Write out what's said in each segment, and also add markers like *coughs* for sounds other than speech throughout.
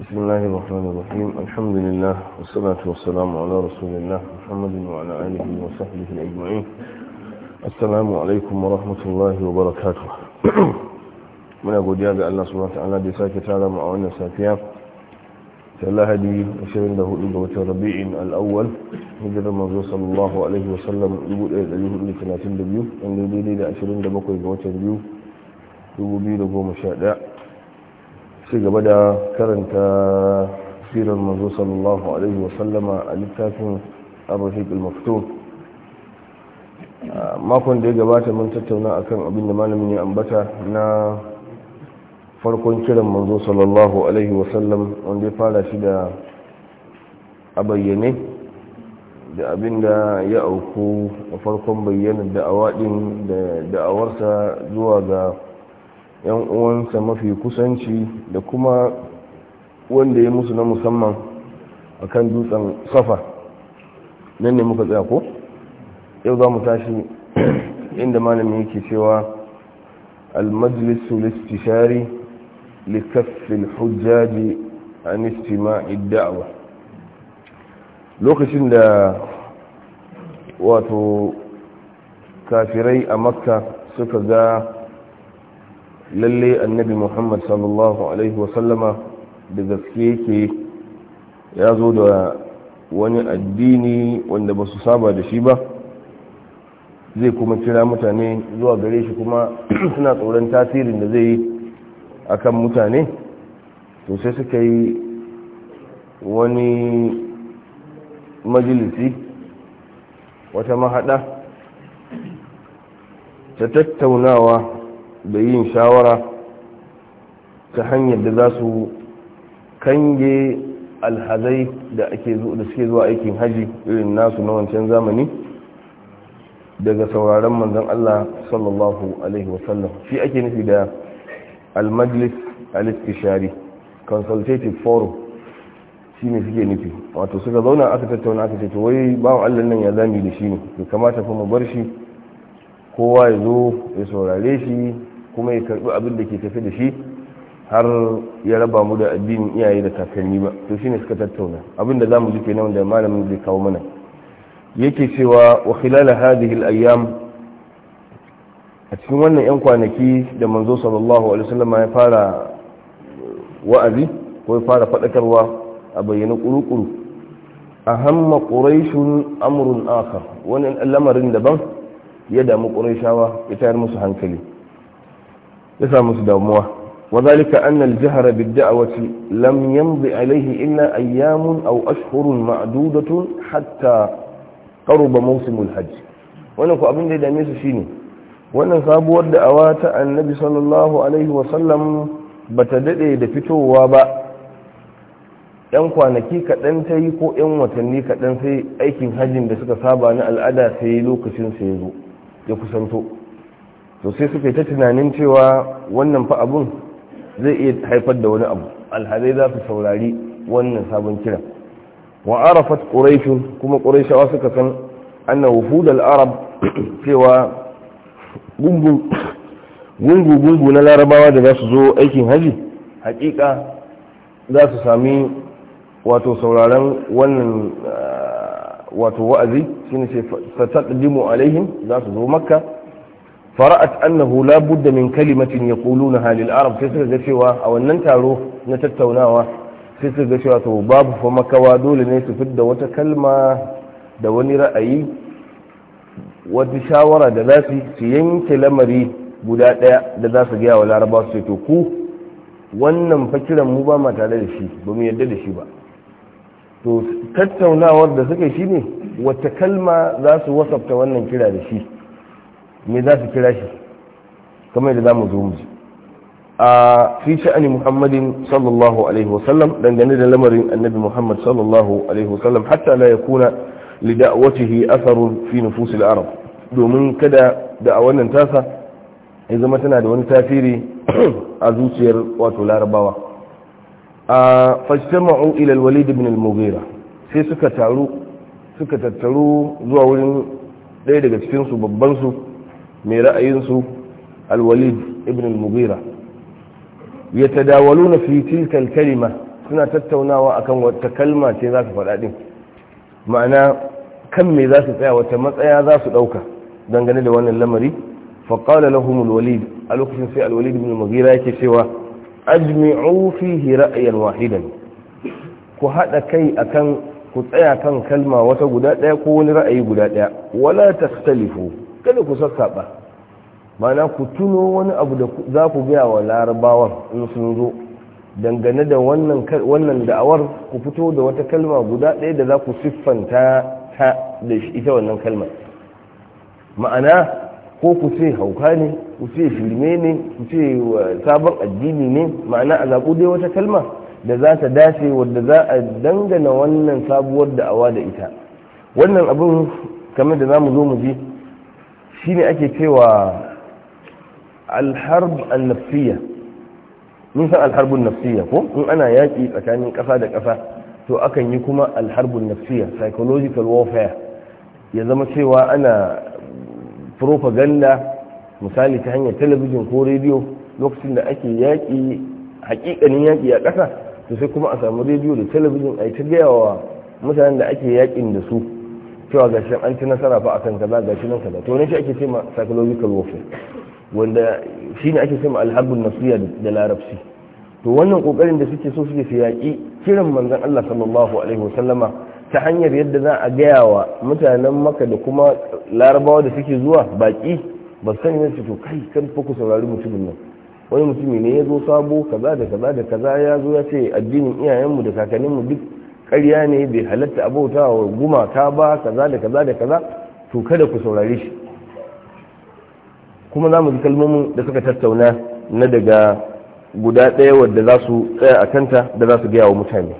بسم الله الرحمن الرحيم الحمد لله والصلاة والسلام على رسول الله محمد وعلى آله وصحبه أجمعين السلام عليكم ورحمة الله وبركاته من أقول يا الله سبحانه وتعالى دي ساكت على معاونا سافيا تلاهدي وشرين له إبوة ربيع الأول هجر المنزول صلى الله عليه وسلم يقول إيه الأليه إلي ثلاثين دبيو أن يديني لأشرين دبقوا إبوة ربيو يقول بي لقوم شادع ci gaba da karanta sirar manzo sallallahu alaihi wasallama a littafin arrahik al-maftur makon da ya gabata mun tattauna akan abin da malamin ya ambata na farkon kiran manzo sallallahu alaihi wasallam wanda ya fara shi da a bayyane da abin da ya auku a farkon bayyanar da'awa din da da'awarsa zuwa ga yan uwansa mafi kusanci da kuma wanda ya musu na musamman a kan dutsen safa nan ne muka tsaya ko yau za mu tashi *clears throat* inda malami yake cewa المجلس الاستشاري لكف الحجاج idda'awa lokacin da wato kafirai a makka suka ga. lalle annabi muhammad sallallahu alaihi wasallama da gaske yake ya zo da wani addini wanda ba su saba da shi ba zai kuma kira mutane zuwa gare shi kuma *clears throat* suna tsoron tasirin da zai yi akan mutane to sai suka yi wani majalisi wata mahaɗa ta tattaunawa da yin shawara ta hanyar da za su kange alhazai da suke zuwa aikin haji irin nasu na wancan zamani daga sauraron manzan Allah sallallahu alaihi wasallam shi ake nufi da al-majlis al-istishari consultative forum shi ne suke nufi wato suka zauna aka tattauna aka ce wai bawan Allah nan ya zami da shi ne kamata fa mu bar shi kowa ya zo ya saurare shi kuma ya karbi abin da ke tafi da shi har ya raba mu da addinin iyaye da kakanni ba to shine suka tattauna abin da zamu ji kenan da malamin zai kawo mana yake cewa wa khilal hadhihi al-ayyam a cikin wannan yan kwanaki da manzo sallallahu alaihi wasallam ya fara wa'azi ko ya fara fadakarwa a bayyana kurukuru ahamma quraishun amrun akhar wannan lamarin daban ya damu quraishawa ya tayar musu hankali ya sa musu damuwa wazalika anna jihar jahr bid-da'wati lam yamdi alayhi illa ayyamun aw ashhurun ma'dudatun hatta qaruba mawsimul hajj wannan ko abin da ya dame su shine wannan sabuwar da'awa ta annabi sallallahu alaihi wa sallam bata dade da fitowa ba yan kwanaki kaɗan ta yi ko yan watanni kaɗan sai aikin hajjin da suka saba na al'ada sai lokacin sai ya kusanto sosai suka yi ta tunanin cewa wannan fa abun zai iya haifar da wani abu alhazai za su saurari wannan sabon kira wa arafat ƙuraishun kuma quraishawa suka san annan wufud arab *coughs* cewa gungu gungu na larabawa da za su zo aikin haji hakika za su sami wato sauraron wannan wato wa'azi shine ce fataqdimu alaihim za su zo makka fara'at annahu la budda min kalimatin yaqulunaha lil arab sai suka ga cewa a wannan taro na tattaunawa sai suka ga cewa to babu fa makawa dole ne su fidda wata kalma da wani ra'ayi wata shawara da za su yanke lamari guda daya da za su gaya wa laraba su to ku wannan fa kiran mu ba ma tare da shi ba mu yarda da shi ba to tattaunawar da suka yi shine wata kalma za su wasafta wannan kira da shi me za su kira shi kamar da za mu zo mu ji a fi sha'ani muhammadin sallallahu alaihi wasallam dangane da lamarin annabi muhammad sallallahu alaihi wasallam hatta la yakuna li da'watihi atharun fi nufus al-arab domin kada da a wannan tasa ya zama tana da wani tasiri a zuciyar wato larabawa a fajtama'u ila al-walid ibn al-mughira sai suka taru suka tattaru zuwa wurin ɗaya daga cikin su babban su mai ra'ayinsu alwalid ibn al-mughira ya tadawalu na fitil tilkal kalima suna tattaunawa akan wata kalma ce za su faɗa ma'ana kan me za su tsaya wata matsaya za su ɗauka dangane da wannan lamari faƙala lahum alwalid a lokacin sai alwalid ibn al-mughira yake cewa ajmi'u fihi ra'ayan wahidan ku haɗa kai akan ku tsaya kan kalma wata guda ɗaya ko wani ra'ayi guda ɗaya wala takhtalifu kada ku ba mana ku tuno wani abu da za ku gaya wa larabawan in sun zo dangane da wannan da'awar ku fito da wata kalma guda ɗaya da za ku siffanta ta da ita wannan kalmar ma'ana ko ku ce hauka ne ku ce shirme ne ku ce eh, sabon addini ne ma'ana a zaɓu dai wata kalma da za ta dace wadda za a dangana wannan sabuwar da'awa da ita wannan abin kamar da za mu zo mu ji shi ne ake cewa alharb al-nafsiyya mun san alharbun nafsiyya ko in ana yaƙi tsakanin ƙasa da ƙasa to akan yi kuma alharbun nafsiyya psychological warfare ya zama cewa ana propaganda misali ta hanyar talabijin ko rediyo lokacin da ake yaƙi hakikanin yaƙi a ƙasa to sai kuma a samu rediyo da talabijin a yi ta gaya wa mutanen da ake yaƙin da su cewa ga shi an ci nasara fa akan kaza shi nan kaza to ne shi ake cewa psychological warfare wanda shine ake cewa alhabbun nasiya da larabci to wannan kokarin da suke so suke su yaƙi kiran manzon Allah sallallahu alaihi wasallama ta hanyar yadda za a gaya wa mutanen maka da kuma larabawa da suke zuwa baki ba sani ne su to kai kan fa ku saurari mutumin nan wani mutumi ne ya zo sabo kaza da kaza da kaza ya zo ya ce addinin iyayenmu da kakanninmu duk ƙarya ne bai halatta abota wa gumaka ba kaza da kaza da kaza to kada ku saurare shi kuma za mu ji kalmomin da suka tattauna na daga guda ɗaya wadda za su tsaya a kanta da za su gaya wa mutane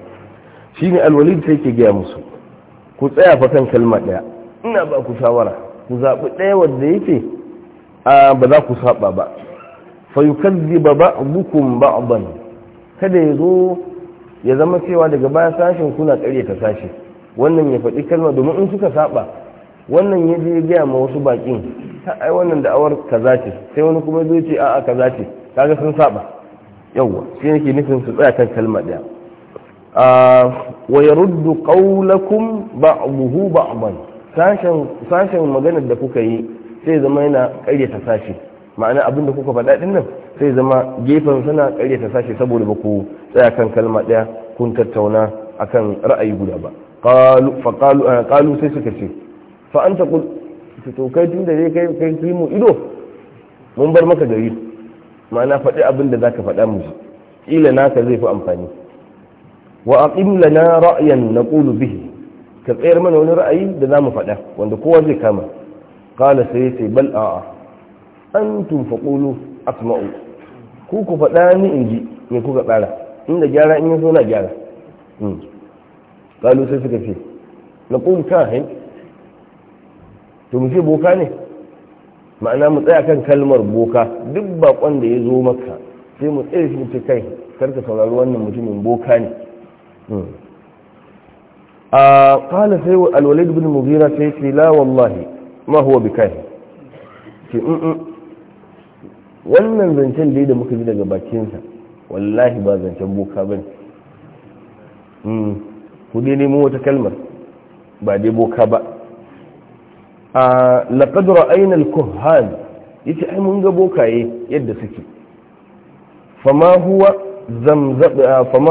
shi ne alwalid sai ke gaya musu ku tsaya fa kan kalma ɗaya ina ba ku shawara ku zaɓi ɗaya wadda yake a ba za ku saba ba fa yukazziba ba'dukum ba'dan kada ya zo ya zama cewa daga baya sashen kuna tsare ta sashi wannan ya faɗi kalma domin in suka saba wannan ya je gaya ma wasu bakin ta ai wannan da'awar kaza ce sai wani kuma zai ce a'a kaza ce kaga sun saba yawwa shi yake nufin su tsaya kan kalma daya wa yaruddu qawlakum ba'dahu ba'dan sashen sashen maganar da kuka yi sai zama yana ƙaryata sashe. ma'ana abin da kuka faɗa ɗin nan sai zama gefen suna ta sashi saboda ba ku tsaya kan kalma ɗaya kun tattauna akan ra'ayi guda ba kalu eh, sai suka ce fa an ta to kai tun da zai kai kai mu ido mun bar maka gari ma'ana faɗi abin da za ka faɗa mu ji naka zai fi amfani wa a ƙimla na ra'ayin na ƙulu bihi ka tsayar mana wani ra'ayi da za mu faɗa wanda kowa zai kama kala sai sai bal a'a antum faqulu asma'u ku ku faɗa ni in ji me kuka tsara inda gyara in yaso na gyara hmm. kalu sai suka ce na qum kahin to mu ce boka ne ma'ana mu tsaya kan kalmar boka duk bakon da ya zo maka sai mu tsaye shi mu ce kai karka saurari wannan mutumin boka ne hmm. a kala sai alwalid bin mugira sai ce la wallahi ma huwa bikahi ce wannan zancen da da muka ji daga bakinsa wallahi ba zancen boka ba ne hmm, ku dai nemo wata kalmar ba dai boka ba a laƙadura ainihin kohan ya ce ai mun ga bokaye yadda suke fama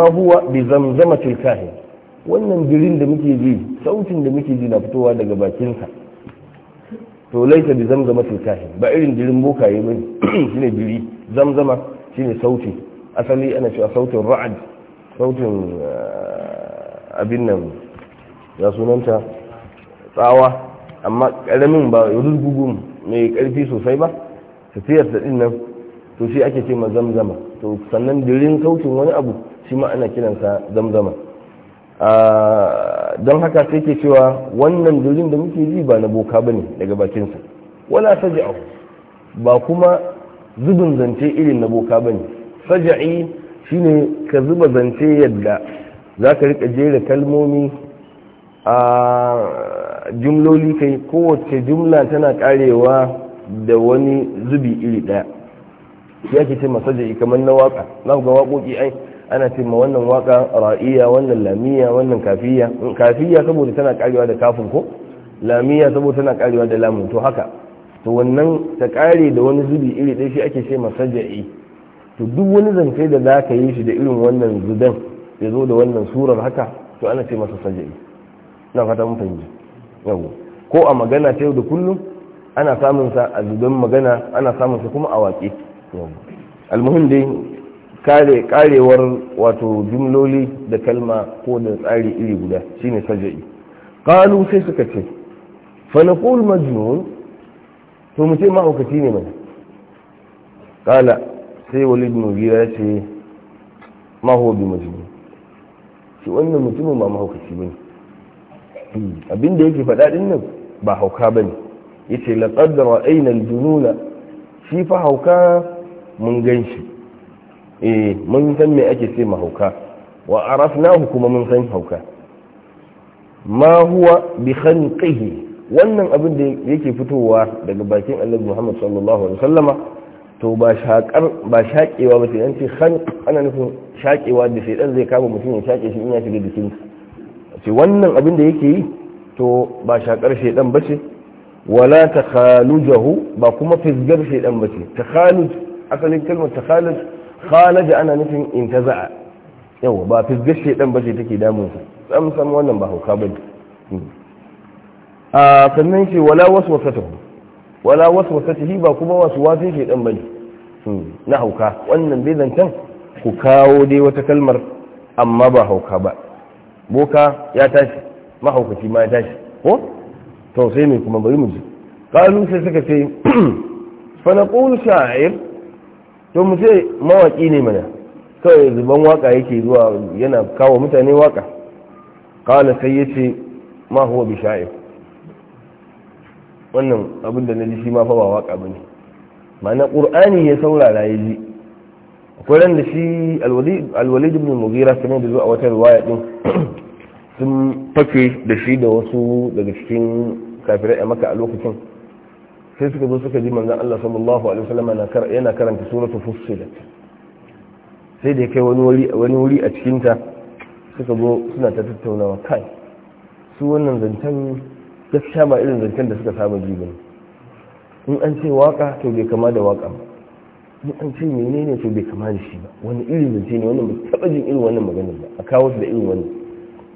huwa bi zamzama tilkahin wannan birin da muke ji sautin da muke ji na fitowa daga bakinsa to laita bi zamzama kahin ba irin jirin bokaye mai *clears throat* shine jiri zamzama shine sauti asali ana cewa sautin ra'ad sautin eh, abin nan ya sunanta tsawa amma karamin ba rurgugun mai karfi sosai ba ta tiyar ta din nan to shi ake ce ma zamzama to sannan jirin sautin wani abu shi ma ana kiransa zamzama ah, don haka sai ke cewa wannan jirin da muke ji ba na boka ba ne daga bakinsa wala saja'u ba kuma zubin zance irin na boka ba ne saja'i ne ka zuba zance yadda za ka rika jera kalmomi a jumloli kai kowace jumla tana karewa da wani zubi iri daya ya ke ce masaja'i kamar na waka na ga waƙoƙi ai ana ce ma wannan waka ra'iya wannan lamiya wannan kafiya kafiya saboda tana karewa da kafin ko lamiya saboda tana karewa da lamun to haka to wannan ta kare da wani zubi iri ɗaya shi ake ce masaja'i to duk wani zance da za ka yi shi da irin wannan zudan ya zo da wannan surar haka to ana ce masa saja'i na fata mun fahimci yau ko a magana ta yau da kullum ana samun sa a zudan magana ana samun sa kuma a waƙe almuhim dai kare karewar wato jumloli da kalma ko da tsari iri guda shine sajai qalu sai suka ce fa naqul majnun to mu ce mahaukaci ne mana kala sai walid mugira ya ce maho bi majnun shi wannan mutumin ba mahaukaci bane abinda yake faɗa din nan ba hauka bane yace laqad ra'ayna al-jununa shi fa hauka mun gan shi eh mun san me ake ce mahauka wa arafnahu kuma mun san hauka ma huwa bi khanqihi wannan abin da yake fitowa daga bakin Allah Muhammad sallallahu alaihi wasallama to ba shakar ba shakewa ba sai an ce khan ana nufin shakewa da sai dan zai kama mutum ya shake shi in ya shiga jikin ce wannan abin da yake yi to ba shakar dan ba ce wala takhalujahu ba kuma fisgar dan ba ce takhaluj asalin kalmar takhaluj khalaja ana nufin intaza'a yawa ba fisgar shedan bace take damun sa sam wannan ba hauka ne hmm. a sannan shi wala waswasatuhu wala waswasatuhu ba kuma wasu waswasin ba bane hmm. na hauka wannan bai zancan ku kawo dai wata kalmar amma ba hauka ba boka ya tashi mahaukaci ma ya tashi ko to sai ne kuma bari mu ji qalu sai suka ce *clears throat* fa naqulu sha'ir to mu ce mawaki ne mana kawai zuban waka yake zuwa yana kawo mutane waka kawai sai ya ce ma huwa bi sha'ir wannan abin da na ji shi ma fa ba waka ba ne ma'ana ƙur'ani ya saurara ya ji akwai ran da shi alwalid ibn mughira kamar da zuwa wata riwaya din *clears throat* sun fake da shi da wasu daga cikin kafirai a maka a lokacin sai suka zo suka ji manzan Allah sallallahu alaihi wasallam yana karanta suratu fussilat sai da ya kai wani wuri a cikinta suka zo suna ta tattaunawa kai su wannan zancen gaskiya ba irin zancen da suka samu ji bane in an ce waka to bai kama da waka ba in an ce menene to bai kama da shi ba wani irin zance ne wannan ba taba jin irin wannan maganar ba a kawo su da irin wannan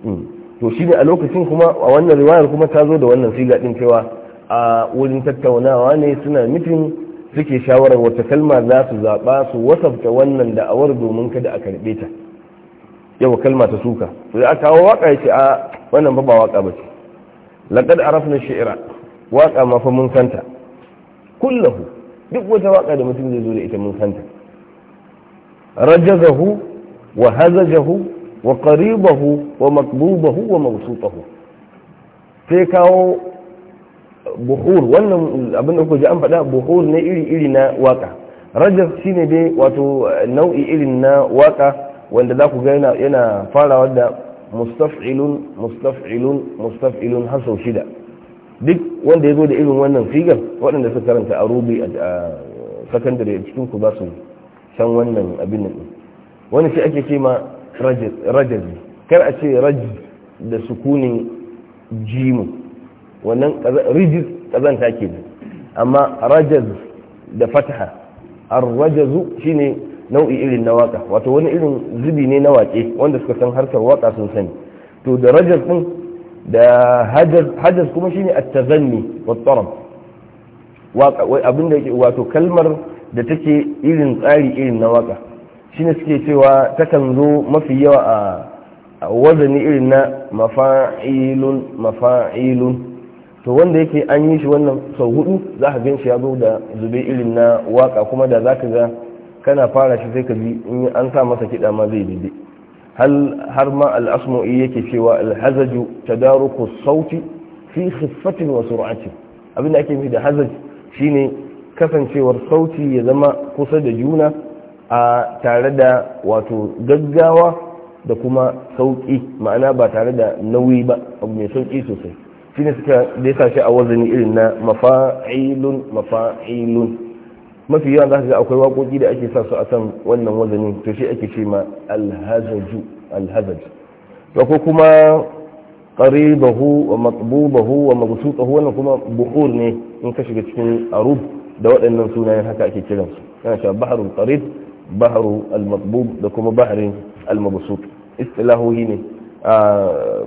hmm. to shi ne a lokacin kuma a wannan riwayar kuma ta zo da wannan siga din cewa a wurin tattaunawa ne suna nufin suke shawarar wata kalma za su zaɓa su wasafta wannan da'awar domin kada a karɓe ta yau kalma ta suka Su da aka kawo waka ya ce a wannan ba waka ba ce laƙad arafna shi'ira waka ma fa mun santa kullahu duk wata waka da mutum zai zo da ita mun santa rajazahu wa hazajahu wa qaribahu wa maqbubahu wa mawsufahu sai kawo buhur wannan abin da kuka ji an faɗa buhur ne iri-iri na waka rajab ne dai wato eh, nau'i irin na waka wanda za ku ga yana farawa da mustaf'ilun mustaf'ilun mustaf'ilun har sau shida duk wanda ya zo da irin wannan figar waɗanda suka karanta a rubi a sakandare cikin ku ba su san wannan abin nan wani shi ake ce ma rajab kar a ce raj da sukunin jimu wannan rijis kazanta ke amma rajaz da fataha ar-rajazu shine nau'i irin na waka wato wani irin zubi ne na wake wanda suka san harkar waka sun sani to da rajaz din da hajaz kuma shine at-tazanni wa tarab waka wai abinda yake wato kalmar da take irin tsari irin na waka shine suke cewa takan zo mafi yawa a wazani irin na mafa'ilun mafa'ilun to wanda yake an yi shi wannan sau hudu za ka gan shi ya zo da zube irin na waka kuma da za ka ga kana fara shi sai ka ji in an sa masa kiɗa ma zai daidai har ma al'asmu'i yake cewa alhazaju ta tadaruku sauti fi khiffatin wa sur'ati abinda ake mai da hazaj shine kasancewar sauti ya zama kusa da juna a tare da wato gaggawa da kuma sauki ma'ana ba tare da nauyi ba abu mai sauki sosai shine suka da shi a wazani irin na mafa'ilun mafa'ilun mafi yawan za su ga akwai waƙoƙi da ake sa su a kan wannan wazani to shi ake ce ma alhazaju alhazaj to ko kuma qaribahu wa matbubahu wa mabsuqahu wannan kuma buhur ne in ka shiga cikin arub da waɗannan sunayen haka ake kiran su yana cewa bahrul qarib bahru al da kuma baharin al mabsuq istilahohi ne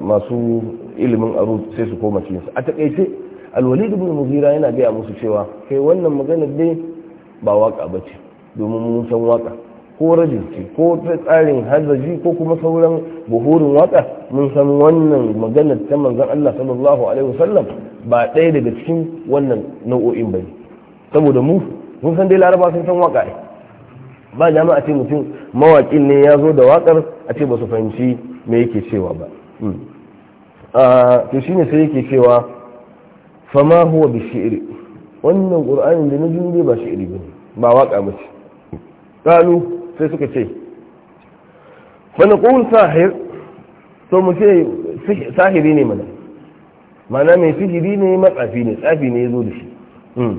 masu ilimin aro sai su koma cikinsu a takaice alwalid ibn mughira yana gaya musu cewa kai wannan maganar dai ba waka ba ce domin mun san waka ko rajin ce ko tsarin hazaji ko kuma sauran buhurin waka mun san wannan maganar ta manzan Allah sallallahu alaihi wasallam ba ɗaya daga cikin wannan nau'o'in ne saboda mu mun san dai laraba sun san waka ba jama'a ce mutum mawaƙin ne ya zo da wakar a ce ba su fahimci me yake cewa ba hmm. ah, to shine sai yake cewa ma huwa bi shi'ri wannan qur'ani da na ji ba shi'ri bane ba waka ba ce qalu sai suka ce fa naqul sahir to mu ce sahiri ne mana mana mai sihiri ne matsafi ne tsafi ne yazo da shi hmm.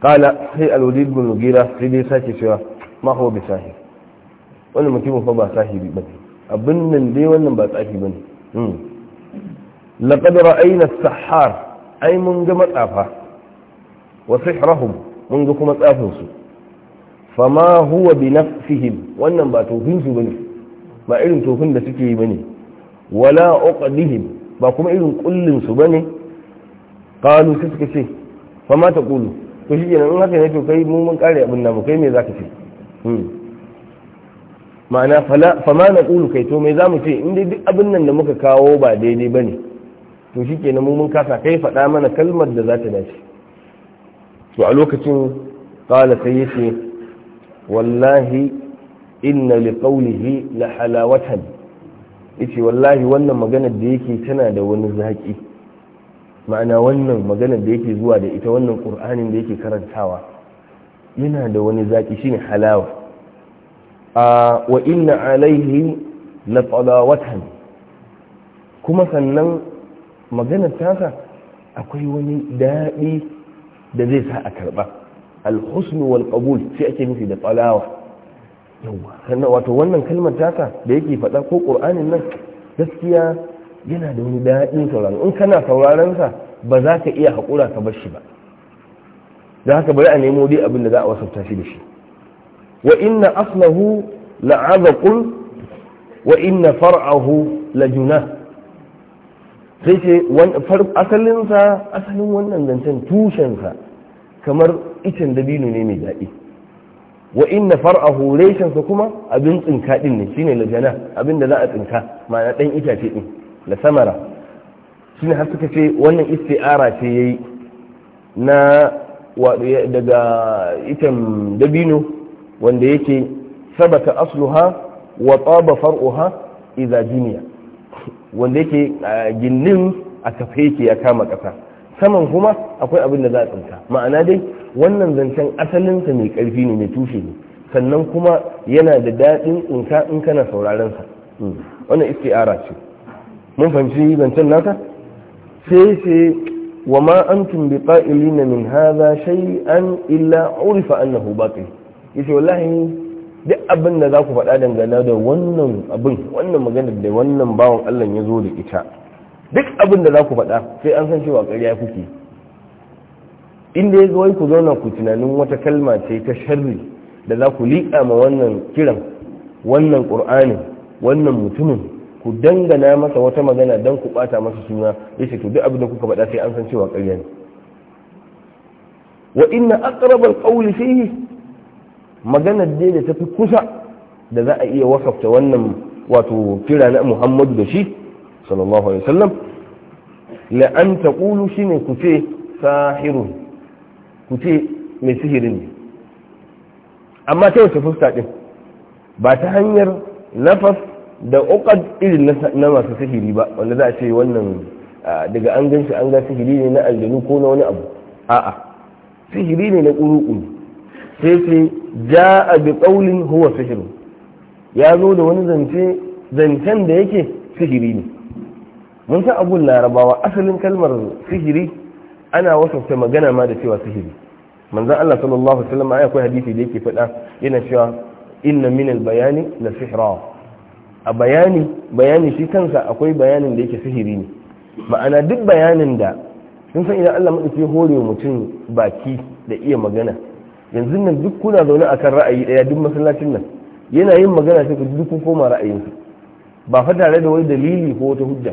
qala sai al-walid bin mugira sai dai sake cewa ma huwa bi sahir wannan mutumin fa ba sahiri bane abin nan dai wannan ba tsafi ne hmm. laqad ra'ayna as-sahar ai mun ga matsafa wa sihrahum mun ga kuma tsafin su fama huwa bi nafsihim wannan ba tofin su bane ba irin tofin da suke yi bane wala uqdihim ba kuma irin kullin su bane qalu sai suka ce fama taqulu to shi kenan in haka ne to kai mu mun kare abin namu kai me zaka ce hmm. ma'ana fama na ƙulu kai to mai za mu ce inda duk abin nan da muka kawo ba daidai ba ne to shi ke mu mun kasa kai faɗa mana kalmar da za ta dace to a lokacin ƙala sai yace wallahi inna li ƙaunihi la halawatan yace wallahi wannan magana da yake tana da wani zaki ma'ana wannan magana da yake zuwa da ita wannan ƙur'anin da yake karantawa yana da wani zaki shine halawa wa inna alaihi la watan kuma sannan maganar tasa akwai wani daɗi da zai sa a karɓa alhusnu wal qabul sai ake nufi da tsalawa yawa wato wannan kalmar tasa da yake faɗa ko ƙur'anin nan gaskiya yana da wani daɗin sauran, in kana sauraron sa ba za ka iya haƙura ka bar shi ba za haka bari a nemo dai abin da za a wasafta shi da shi wa inna aslahu la'azaqul wa inna far'ahu lajuna asalin wannan zancen tushensa kamar icen dabino ne mai daɗi wa inna far'ahu reshensa kuma abin tsinka din ne shine lajana abin da za a tsinka ma'ana ɗan itace din la samara shine har suka ce wannan isti'ara ce yayi na daga icen dabino wanda yake sabata asluha wa taba far'uha idza jiniya wanda yake gindin a kafe yake ya kama kasa saman kuma akwai abin da za a tsinta ma'ana dai wannan zancen asalinsa mai karfi ne mai tushe ne sannan kuma yana da daɗin tsinka in kana sauraron sa hmm. wannan isti'ara ce mun fahimci zancen nata. sai sai wa ma antum biqa'ilina min hadha shay'an illa urifa annahu baqi yace wallahi duk abin da za ku faɗa dangane da wannan abin wannan magana da wannan bawan Allah ya zo da ita duk abin da za ku faɗa sai an san cewa ƙarya kuke inda ya wai ku zauna ku tunanin wata kalma ce ta sharri da za ku liƙa ma wannan kiran wannan ƙur'anin wannan mutumin ku dangana masa wata magana don ku ɓata masa suna ya ce to duk abin da kuka faɗa sai an san cewa ƙarya ne wa inna aqrabal qawli fihi maganar dai da tafi kusa da za a iya wasafta wannan wato kira na muhammadu da shi sallallahu alaihi wasallam la an taqulu shi ne ce sahirun ku mai sihirin ne amma ta wace fusta din ba ta hanyar nafas da uqad irin na masu sihiri ba wanda za a ce wannan daga an gan shi an ga sihiri ne na aljanu ko na wani abu a'a sihiri ne na ƙuruƙuru sai ja a bi qaulin huwa sihiri ya zo da wani zance zancen da yake sihiri ne mun san abun larabawa asalin kalmar sihiri ana wasu wasafta magana ma da cewa sihiri manzan Allah sallallahu alaihi wasallam akwai hadisi da yake faɗa yana cewa inna min bayani la sihra a bayani bayani shi kansa akwai bayanin da yake sihiri ne ma'ana duk bayanin da sun san idan Allah ya hore mutum baki da iya magana yanzu nan duk kuna zaune akan ra'ayi daya duk masallacin nan yana yin magana sai ku duk kun koma su ba fa tare da wani dalili ko wata hujja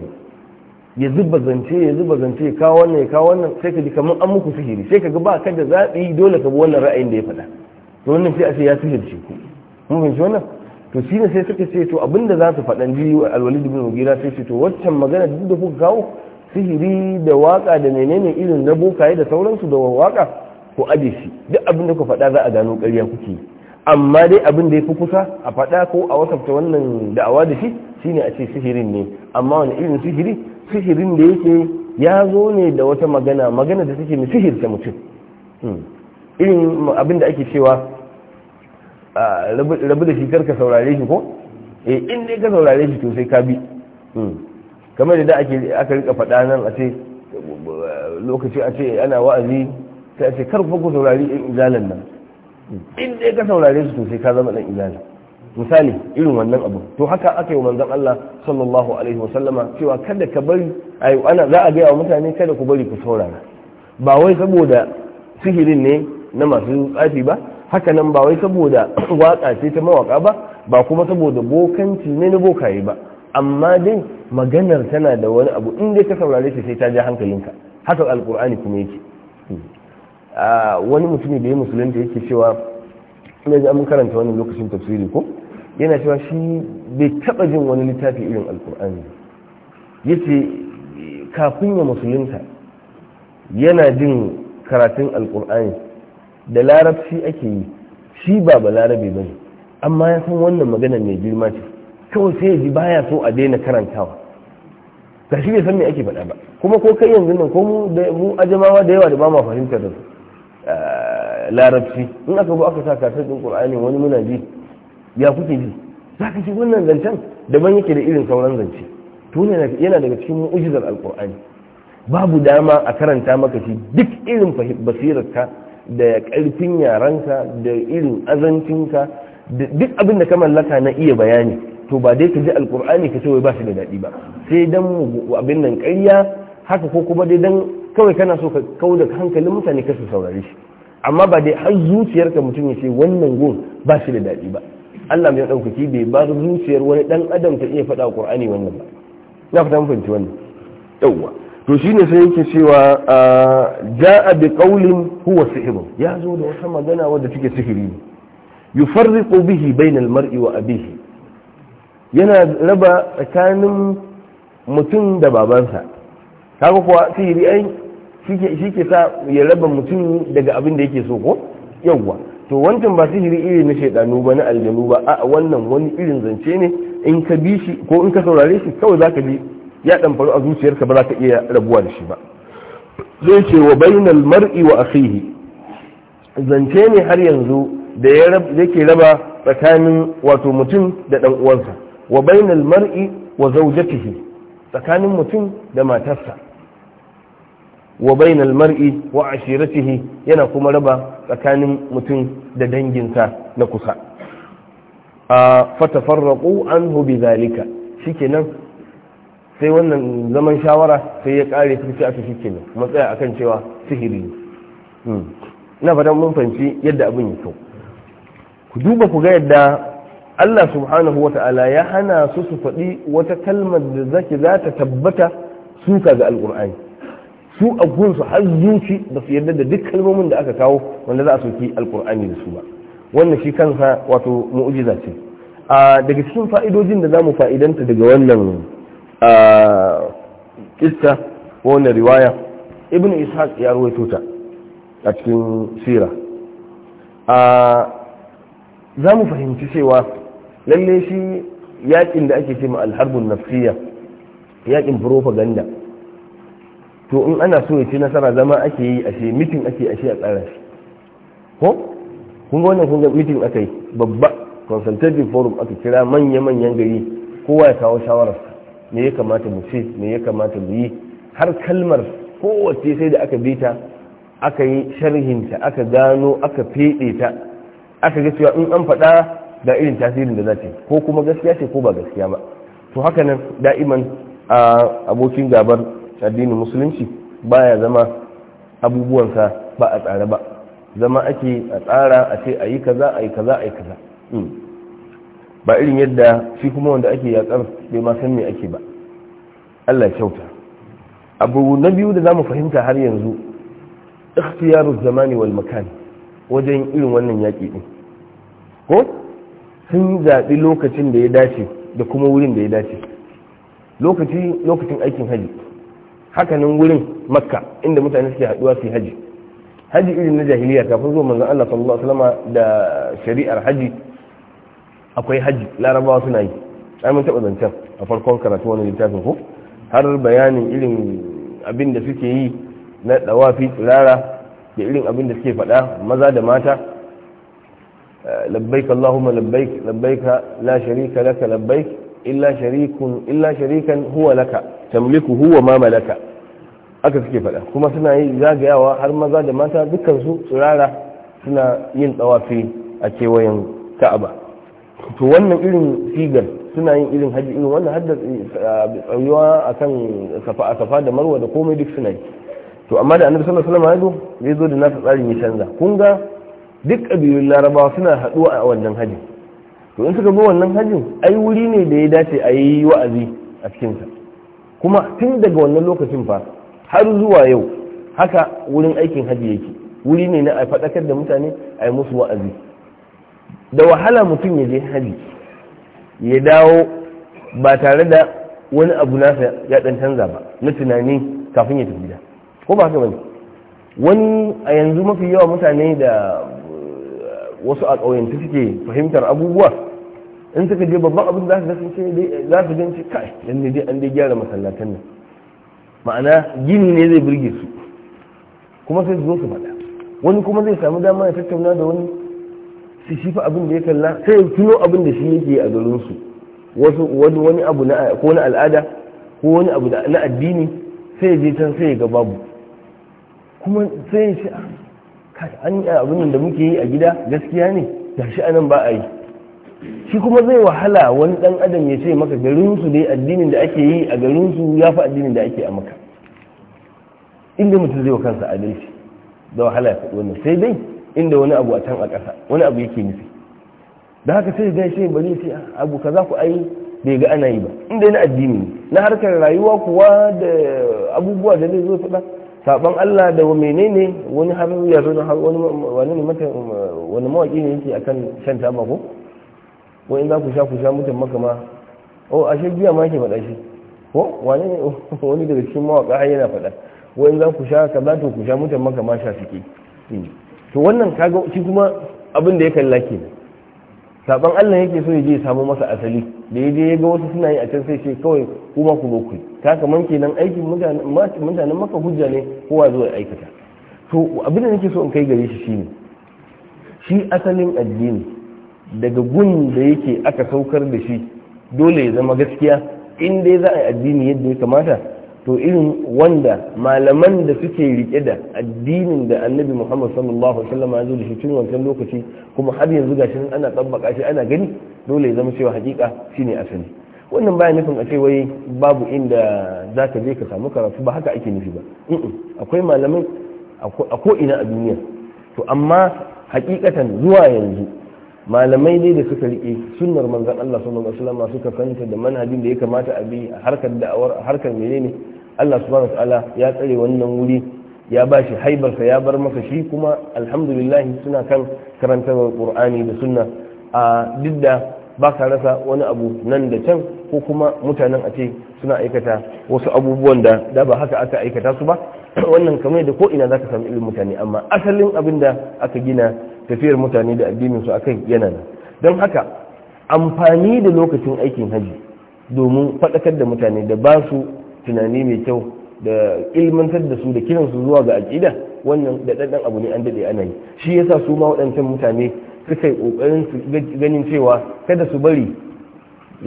ya zuba zance ya zuba zance ya kawo wannan ya kawo wannan sai ka ji kamar an muku sihiri sai ka ga ba ka da zaɓi dole ka bi wannan ra'ayin da ya faɗa to wannan sai a ce ya sihirce ku mun fahimci wannan to shi ne sai suka ce to abinda za su faɗan ji alwalid ibn mugira sai ce to waccan magana duk da kuka kawo sihiri da waka da menene irin na bokaye da sauransu da waka ko aje shi duk abin da ku faɗa za a gano ƙarya kuke amma dai abin da ya fi kusa a faɗa ko a wasafta wannan da'awa da shi shine a ce sihirin ne amma wani irin sihiri sihirin da yake ya zo ne da wata magana magana da take mai sihirta mutum hmm. irin abin da ake cewa rabu da shi karka saurare shi ko eh in dai ka saurare shi to sai ka bi hmm. kamar da ake aka rika faɗa nan a ce lokaci a ce ana wa'azi sai a ce kar ku saurari in izalan nan in dai ka saurare su sai ka zama dan izala misali irin wannan abu to haka aka yi manzon Allah sallallahu alaihi wasallama cewa kada ka bari ai ana za a ga wa mutane kada ku bari ku saurara ba wai saboda sihirin ne na masu tsafi ba haka nan ba wai saboda *clears throat* waka ce ta mawaka ba ba kuma saboda bokanci ne na bokaye ba amma dai maganar tana da wani abu in dai ka saurare shi sai ta ja hankalinka haka alkur'ani kuma yake wani mutumi da ya musulunta yake cewa ina ji karanta wani lokacin tafsiri ko yana cewa shi bai taba jin wani littafi irin alkur'ani ce kafin ya musulunta yana jin karatun alkur'ani da larabci ake yi shi ba ba larabe ba ne amma ya san wannan magana mai girma ce kawai sai ya ji baya so a daina karantawa ga shi bai san me ake faɗa ba kuma ko kai yanzu nan ko mu ajamawa da yawa da ba ma fahimtar da su larabci in aka bu aka sa kasar qur'ani wani muna ji ya kuke ji za ka ji wannan zancen daban yake da irin sauran zance to yana daga cikin mu'jizar alqur'ani babu dama a karanta maka shi duk irin basirarka da karfin yaranka da irin azancinka da duk abin da ka mallaka na iya bayani to ba dai ka ji alqur'ani ka ce wai ba shi da dadi ba sai dan abin nan ƙarya haka ko kuma dai dan kawai kana so ka kawo da hankalin mutane ka saurari saurare shi amma ba dai har zuciyarka mutum ya ce wannan gun ba shi da daɗi ba Allah mai ɗaukaki bai ba zuciyar wani ɗan adam ta iya faɗa ƙur'ani wannan ba na fata mafanci wannan yawwa to shi ne sai yake cewa ja'a bi qawlin huwa sihrun ya zo da wata magana wadda take sihiri ne yufarriqu bihi bainal mar'i wa abihi yana raba tsakanin mutum da babansa kaga kuwa sihiri ai shi ke sa ya raba mutum daga abin da yake so ko yawwa to wancan ba sihiri iri na shaidanu ba na aljanu ba a wannan wani irin zance ne in ka bi shi ko in ka saurare shi kawai za ka bi ya dan faru a zuciyarka ba za ka iya rabuwa da shi ba zai ce wa bainal mar'i wa akhihi zance ne har yanzu da yake raba tsakanin wato mutum da dan uwansa wa bainal mar'i wa zawjatihi tsakanin mutum da matarsa wa bainal mar'i wa ashiratihi yana kuma raba tsakanin mutum da sa na kusa a fatafarraqu anhu bidhalika shikenan sai wannan zaman shawara sai ya kare su sai aka shikenan kuma tsaya akan cewa sihiri hmm. na fatan mun fahimci yadda abin ya kyau ku duba ku ga yadda Allah subhanahu wata'ala ya hana su su faɗi wata kalmar da zaki za ta tabbata suka ga alƙur'ani su a gunsu har zuci ba su yarda da duk kalmomin da aka kawo wanda za a soki alkur'ani da su ba wannan shi kansa wato mu'ujiza ce a daga cikin fa'idojin da zamu fa'idanta daga wannan kissa ko wannan riwaya ibnu ishaq ya ruwaito ta a cikin sira a za fahimci cewa lalle shi yakin da ake ce ma harbun nafsiyya yakin propaganda to in ana so ya ci nasara zama ake yi ashe mitin ake ashe a tsara shi ko kun ga wannan kun ga mitin aka yi babba consultative forum aka kira manya-manyan gari kowa ya kawo shawarar me ya kamata mu ce me ya kamata mu yi har kalmar kowace sai da aka bi ta aka yi sharhinta aka gano aka fede ta aka ga cewa in an faɗa da irin tasirin da za yi ko kuma gaskiya ce ko ba gaskiya ba to haka nan da'iman abokin gabar addinin musulunci baya zama abubuwansa ba a tsare ba zama ake a tsara a ce a yi kaza a yi kaza a yi kaza hmm. ba irin yadda shi kuma wanda ake yakar bai ma san me ake ba Allah ya kyauta abu na biyu da zamu fahimta har yanzu ikhtiyaru zamani wal makan wajen irin wannan yaki din ko sun zaɓi lokacin da ya dace da kuma wurin da ya dace lokacin aikin hajji. hakanan wurin makka inda mutane suke haduwa su haji haji irin na jahiliya kafin zuwa manzon Allah sallallahu alaihi wasallam da shari'ar haji akwai haji larabawa suna yi ai mun taba zancen a farkon karatu wannan littafin ko har bayanin irin abin da suke yi na dawafi tsirara da irin abin da suke faɗa maza da mata eh, labbaik Allahumma labbaik labbaik la sharika laka labbaik illa sharikun illa sharikan huwa laka tamliku huwa ma malaka aka suke faɗa kuma suna yi zagayawa har maza da mata dukkan su tsirara suna yin tsawafi a kewayen ka'aba to wannan irin sigar suna yin irin haji irin wannan hadda eh, tsayuwa a kan safa da marwa da komai duk suna yi to amma da annabi sallallahu alaihi wasallam ya zo da nasa tsarin ya canza kun ga duk kabilun larabawa suna haɗuwa a wannan hajin to in suka zo wannan hajjin ai wuri ne da ya dace a yi wa'azi a cikinsa kuma tun daga wannan lokacin fa har zuwa yau haka wurin aikin hajji yake wuri ne na a faɗakar da mutane a yi musu wa'azi da wahala mutum ya je hajji ya dawo ba tare da wani abu nasa ya ɗan canza ba na tunani kafin ya tafi gida ko ba haka bane wani a yanzu mafi yawa mutane da wasu a ƙauyanta suke fahimtar abubuwa in suka je babban abin za su ga sun ce za su gan ce kai dan ne dai an dai gyara masallatan nan ma'ana gini ne zai burge su kuma sai su zo su faɗa wani kuma zai samu dama ya tattauna da wani su shi fa abin da ya kalla sai ya tuno abin da shi yake a garin su wasu wani wani abu na ko na al'ada ko wani abu na addini sai ya je can sai ya ga babu kuma sai ya ce ah, an yi abin da muke yi a gida gaskiya ne gashi anan ba a yi shi kuma zai wahala wani dan adam ya ce maka garinsu dai addinin da ake yi a garinsu ya fi addinin da ake a maka inda mutum zai wa kansa adalci da wahala ya faɗi wannan sai dai inda wani abu a can a ƙasa wani abu yake nufi da haka sai ga shi bari sai ah, abu kaza ku ai bai ga ana yi ba inda na addini ne na harkar rayuwa kuwa da abubuwa da zai zo faɗa saban Allah da menene wani har ya zo har wani wani ne mata wani mawaki ne yake akan shan taba ko ko in za ku sha ku sha mutum maka ma oh ashe biya ma ke faɗa shi ko wani ne *laughs* wani daga cikin mawaƙa har yana faɗa ko in za ku sha ka za ku sha mutum maka ma sha suke hmm. to wannan kaga shi kuma abin da ya kalla ke saban Allah yake so ya je ya samu masa asali da dai ya ga wasu suna yi a can sai ce kawai kuma ku ku ka kaman kenan aikin mutanen maka hujja ne kowa zuwa aikata to abin da nake so in kai gare shi shine shi asalin addini daga gun da yake aka saukar da shi dole ya zama gaskiya in dai za a yi addini yadda ya kamata to irin wanda malaman da suke rike da addinin da annabi muhammad sallallahu alaihi wasallam ya zo da shi tun wancan lokaci kuma har yanzu gashi ana tabbaka shi ana gani dole ya zama cewa hakika shine asali wannan baya nufin a ce wai babu inda za ka je ka samu karatu ba haka ake nufi ba akwai malamai a ko ina a duniya to amma hakikatan zuwa yanzu malamai ne da suka rike sunnar manzan Allah sallallahu alaihi wasallam suka fanta da manhajin da ya kamata a bi a harkar da'awar a harkar menene Allah subhanahu ta'ala ya tsare wannan wuri ya ba shi haibarsa ya bar masa shi kuma alhamdulillah suna kan karantar qur'ani da sunna a duk ba ka rasa wani abu nan da can ko kuma mutanen a ce suna aikata wasu abubuwan da da ba haka aka aikata su ba *coughs* wannan kamar da ko ina zaka samu ilimin mutane amma asalin abin da aka gina tafiyar mutane da addinin su akan yana nan don haka amfani da lokacin aikin haji domin faɗakar da mutane da ba su tunani mai kyau da ilmantar da su da kiran su zuwa ga aƙida wannan da ɗanɗan abu ne an daɗe ana yi shi yasa su ma waɗancan mutane suka yi ƙoƙarin su ganin cewa kada su bari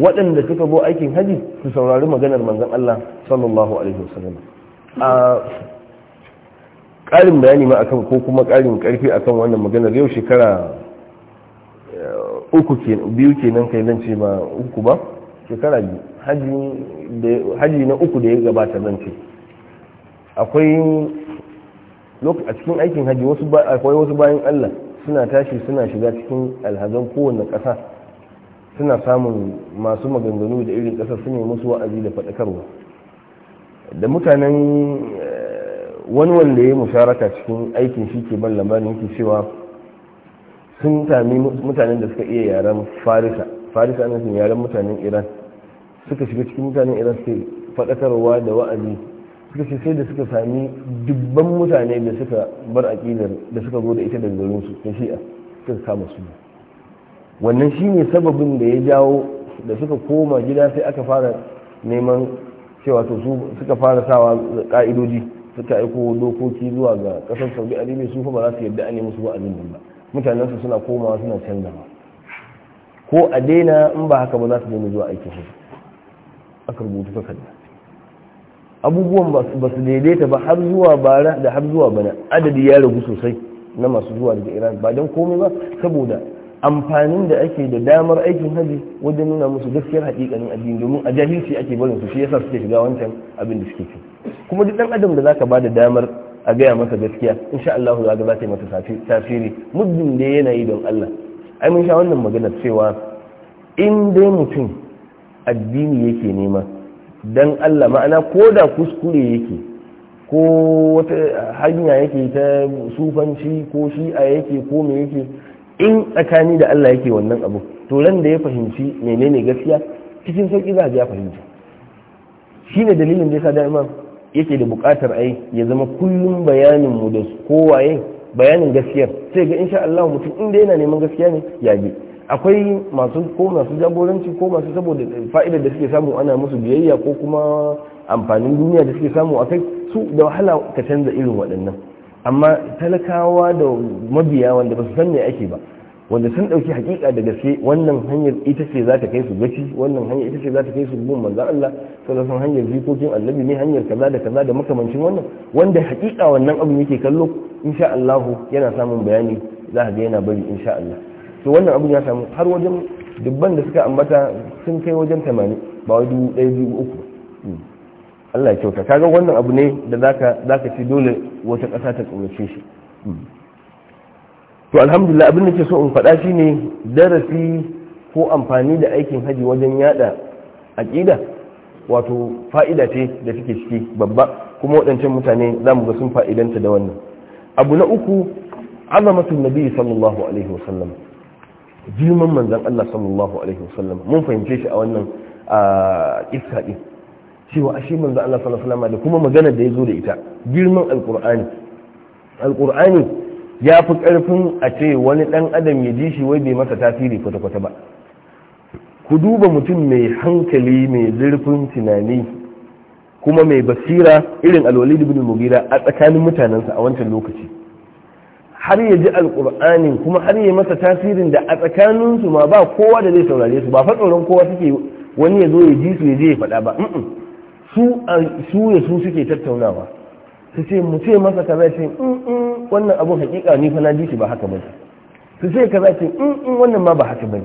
waɗanda suka zo aikin haji su saurari maganar manzon Allah sallallahu alaihi wasallam ƙarin bayani ma akan ko kuma ƙarin ƙarfi akan wannan maganar yau shekara eh, uku ke biyu nan kai zan ce ma uku ba shekara biyu haji na uku da ya gabata zan ce akwai a cikin aikin haji akwai wasu bayan allah suna tashi suna shiga cikin alhazan kowane ƙasa suna samun masu maganganu da irin ƙasa su ne musu wa'azi da faɗakarwa da mutanen wani wanda ya musharaka cikin aikin shi ke ban labarin yake cewa sun sami mutanen da suka iya yaren farisa farisa ana sun yaren mutanen iran suka shiga cikin mutanen iran suke faɗakarwa da wa'azi suka ce sai da suka sami dubban mutane da suka bar aƙidar da suka zo da ita daga garin su ta shi'a suka kama su wannan shi ne sababin da ya jawo da suka koma gida sai aka fara neman cewa to su suka fara sawa ka'idoji suka aiko dokoki zuwa ga kasar saudi arabia su ba za su yadda an yi musu wa'azin nan ba mutanen su suna komawa suna canza ba ko a daina in ba haka ba za su daina zuwa aikin hajji aka rubutu takarda abubuwan ba su daidaita ba har zuwa bara da har zuwa bana adadi ya ragu sosai na masu zuwa daga iran ba don komai ba saboda amfanin da ake da damar aikin haji wajen nuna musu gaskiyar hakikanin addini domin a jahilci ake barin su shi yasa suke shiga wancan abin da suke ci kuma duk dan adam da zaka bada damar a gaya masa gaskiya insha Allah za ga za ta yi masa tasiri muddin da yana yi don Allah ai mun sha wannan magana cewa in dai mutum addini yake nema dan Allah ma'ana ko da kuskure yake ko wata hanya yake ta sufanci ko shi'a yake ko me yake in tsakani da Allah yake wannan abu to ran da ya fahimci menene gaskiya cikin sauki za ya fahimci shine dalilin da ya sa da'ima yake da bukatar ai ya zama kullum bayanin mu da kowaye bayanin gaskiyar sai ga insha Allah mutum inda yana neman gaskiya ne ya bi akwai masu ko masu jagoranci ko masu saboda fa'idar da suke samu ana musu biyayya ko kuma amfanin duniya da suke samu akai su da wahala ka canza irin waɗannan amma talakawa da mabiya wanda ba su san me ake ba wanda sun ɗauki hakika da gaske wannan hanyar ita ce za ta kai su gaci wannan hanyar ita ce za ta kai su gun manzan Allah sallallahu hanyar zikokin annabi ne hanyar kaza da kaza da makamancin wannan wanda hakika wannan abu yake kallo insha Allah yana samun bayani za ka ga yana bari insha Allah to wannan abu ya samu har wajen dubban da suka ambata sun kai wajen 80 ba wai dubu ɗaya dubu uku hmm. Allah ya kyauta kaga wannan abu ne da zaka zaka ci dole wata ƙasa ta tsorace shi to alhamdulillah abin da ke so in faɗa shi ne darasi ko amfani da aikin haji wajen yada aƙida wato fa'ida ce da take ciki babba kuma waɗancan mutane za mu ga sun fa'idanta da wannan abu na uku azamatul nabi sallallahu alaihi wasallam girman manzon Allah sallallahu alaihi wasallam mun fahimce shi a wannan iska din cewa ashe manzo Allah sallallahu alaihi wasallam da kuma magana da yazo da ita girman alqur'ani alqur'ani ya fi karfin a ce wani dan adam ya ji shi wai bai masa tasiri kwata kwata ba ku duba mutum mai hankali mai zurfin tunani kuma mai basira irin alwalid ibn mugira a tsakanin mutanensa a wancan lokaci har ya ji alqur'ani kuma har ya masa tasirin da a tsakaninsu ma ba kowa da zai saurare su ba fa tsoron kowa suke wani ya zo ya ji su ya je ya faɗa ba su ya su suke tattaunawa su ce mu ce masa kaza ce in mm, mm, wannan abun hakika ni fa na ji ba haka bane su ce kaza ce in mm, wannan ma ba haka bane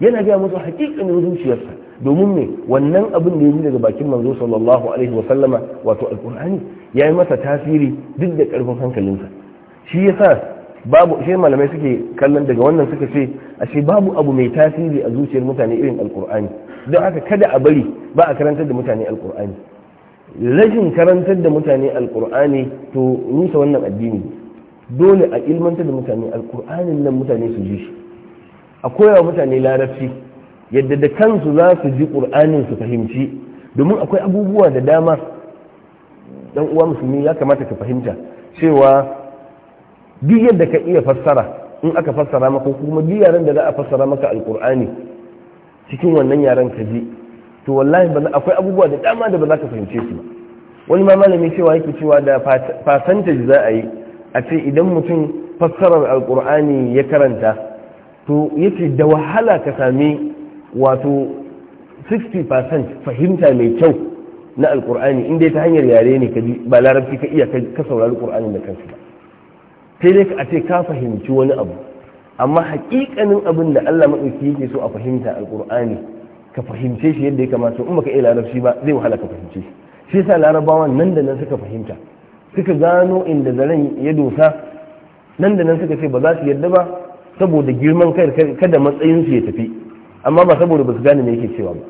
yana ga musu hakikanin zuciyarsa domin me wannan abin da ya ji daga bakin manzo sallallahu alaihi wa sallama wato alqur'ani ya yi masa tasiri duk da karfin hankalinsa shi yasa babu shi malamai suke kallon daga wannan suka ce ashe babu abu mai tasiri a zuciyar mutane irin alqur'ani don haka kada a bari ba a karantar da mutane alkur'ani rashin karantar da mutane alkur'ani to nisa wannan addini dole a ilmantar da mutane alkur'anin nan mutane su ji shi a koyawa mutane larabci yadda da kansu za su ji kur'anin su fahimci domin akwai abubuwa da dama dan uwa musulmi ya kamata ka fahimta cewa duk yadda ka iya fassara in aka fassara maka kuma duk yaran da za a fassara maka alkur'ani cikin wannan yaren ka to wallahi akwai abubuwa da dama da ba za ka fahimce su ba wani ma malami cewa yake cewa da percentage za a yi a ce idan mutum fassarar alkur'ani ya karanta to yake da wahala ka sami wato 60% fahimta mai kyau na alkur'ani inda ta hanyar yare ne ka ba larabci ka iya ka saurari alkur'ani da kansu ba sai dai a ce ka fahimci wani abu amma hakikanin abin da Allah maɗauki yake so a fahimta alƙur'ani ka fahimce shi yadda ya kamata in baka iya larabci ba zai wahala ka fahimce shi shi yasa larabawan nan da nan suka fahimta suka gano inda zaren ya dosa nan da nan suka ce ba za su yarda ba saboda girman kai kada matsayin su ya tafi amma ba saboda ba su gane me yake cewa ba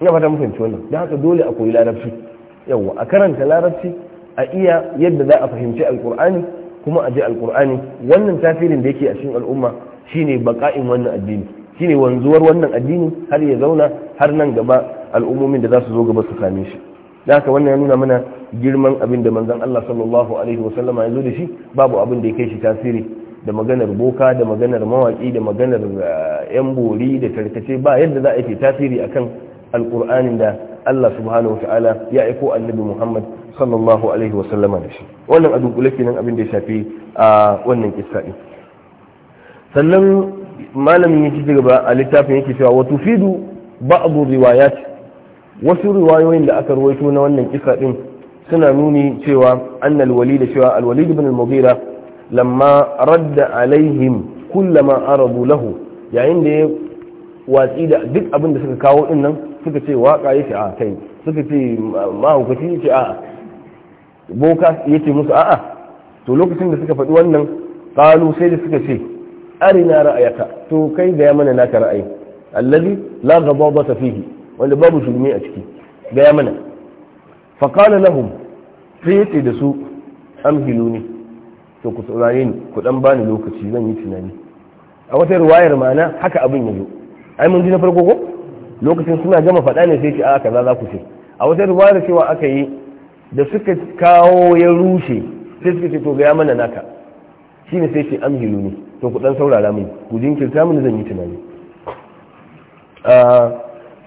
ina fata mun fahimci wannan haka dole a koyi larabci yawa a karanta larabci a iya yadda za a fahimci alƙur'ani kuma a ji alkur'ani wannan tasirin da yake a cikin al'umma shine baka'in wannan addini shine wanzuwar wannan addini har ya zauna har nan gaba al'ummomin da za su zo gaba su kame shi da haka wannan ya nuna mana girman abin da manzon Allah sallallahu alaihi wa sallama ya zo da shi babu abin da ya kai shi tasiri da maganar boka da maganar mawaki da maganar eh, yan bori da tarkace ba yadda za a yi tasiri akan alkur'anin da Allah subhanahu wa ta'ala ya aiko annabi Muhammad sallallahu alaihi wa sallama da shi wannan a dunkule kenan abin da ya shafi a wannan kissa din sannan malamin yake ci gaba a littafin yake cewa wa tufidu ba'du riwayat wasu riwayoyin da aka rawaito na wannan kissa din suna nuni cewa annal walid cewa al-walid ibn al-mughira lamma radda alaihim kullama aradu lahu yayin da ya watsi da duk abin da suka kawo din nan suka ce waka yake a kai suka ce mahaukaci yake a boka ya ce musu a'a to lokacin da suka faɗi wannan kalu sai da suka ce arina ra'ayaka to kai gaya mana naka ra'ayi allazi la ghadabata fihi wanda babu shugumi a ciki gaya mana fa qala lahum fi yati da su amhiluni to ku saurare ni ku dan bani lokaci zan yi tunani a wata ruwayar ma'ana haka abin ya zo ai mun ji na farko ko lokacin suna gama faɗa ne sai ce a kaza za ku ce a wata ruwayar cewa aka yi da suka kawo ya rushe sai suka ce to ga ya mana naka shine sai ce amhilu ne to ku dan saurara mini ku jinkirta mini zan yi tunani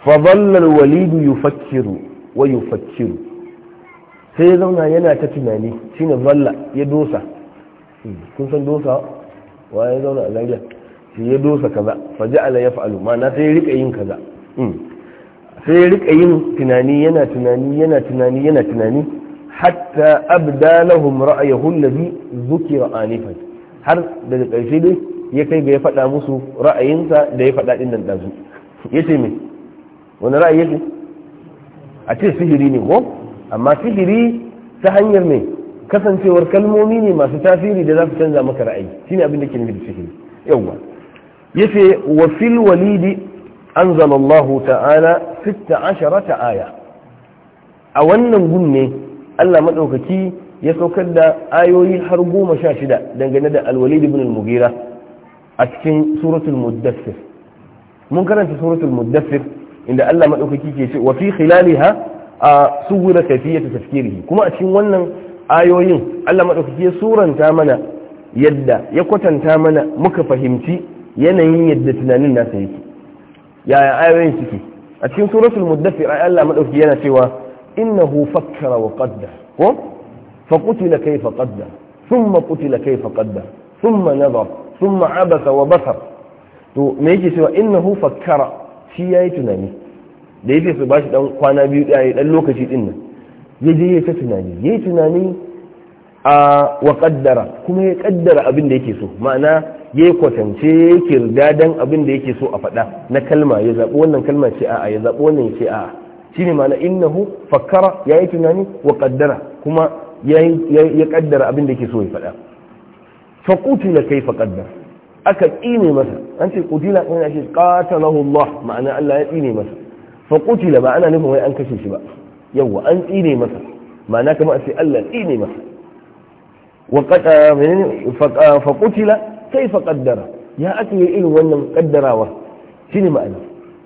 fa dhalla al-walid yufakkiru wa yufakkiru sai ya zauna yana ta tunani shine dhalla ya dosa kun san dosa wa ya zauna a zariya sai ya dosa kaza fa ja'ala yaf'alu ma na sai ya rika yin kaza hmm. sai ya rika yin tunani yana tunani yana tunani yana tunani hatta abda lahum ra'ayahu allazi zukira anifan har daga karshe dai ya kai ga ya faɗa musu ra'ayinsa da ya faɗa din nan dazu yace me wani ra'ayi yace a ce sihiri ne ko amma sihiri ta hanyar ne kasancewar kalmomi ne masu tasiri da za su canza maka ra'ayi shine abin da ke nufi da sihiri yawwa yace wa fil walidi anzala Allah ta'ala sitta aya a wannan gun ne Allah madaukaki ya saukar da ayoyi har goma sha shida dangane da alwalidi ibn al-mughira a cikin suratul muddassir mun karanta suratul muddassir inda Allah madaukaki ke ce wa fi khilaliha a suwira kafiyatu tafkirihi kuma a cikin wannan ayoyin Allah madaukaki ya suranta mana yadda ya kwatanta mana muka fahimci yanayin yadda tunanin nasa yake yaya ayoyin suke a cikin suratul muddathir ay Allah madauki yana cewa innahu fakkara wa qaddar ko fa qutila kayfa qaddar thumma qutila kayfa qaddar thumma nadhar thumma abasa wa basar to me yake cewa innahu fakkara shi yayi tunani da yake su bashi dan kwana biyu da dan lokaci din nan yaje yayi ta tunani yayi tunani a wa kaddara kuma ya kaddara abin da yake so ma'ana ya yi kwatance ya kirga dan abin da yake so a faɗa na kalma ya zaɓi wannan kalma ce a'a ya zaɓi wannan ce a'a shine ma'ana innahu fakkara ya yi tunani wa kaddara kuma ya kaddara abin da yake so ya faɗa fa qutila kayfa qaddar aka tsine masa an ce kutila in ashe qatalahu Allah ma'ana Allah ya tsine masa fa ba ana nufin wai an kashe shi ba yawa an tsine masa ma'ana kamar a ce Allah tsine masa faƙutila kai fa ƙaddara ya ake yi irin wannan ƙaddarawa shi ne ma'ana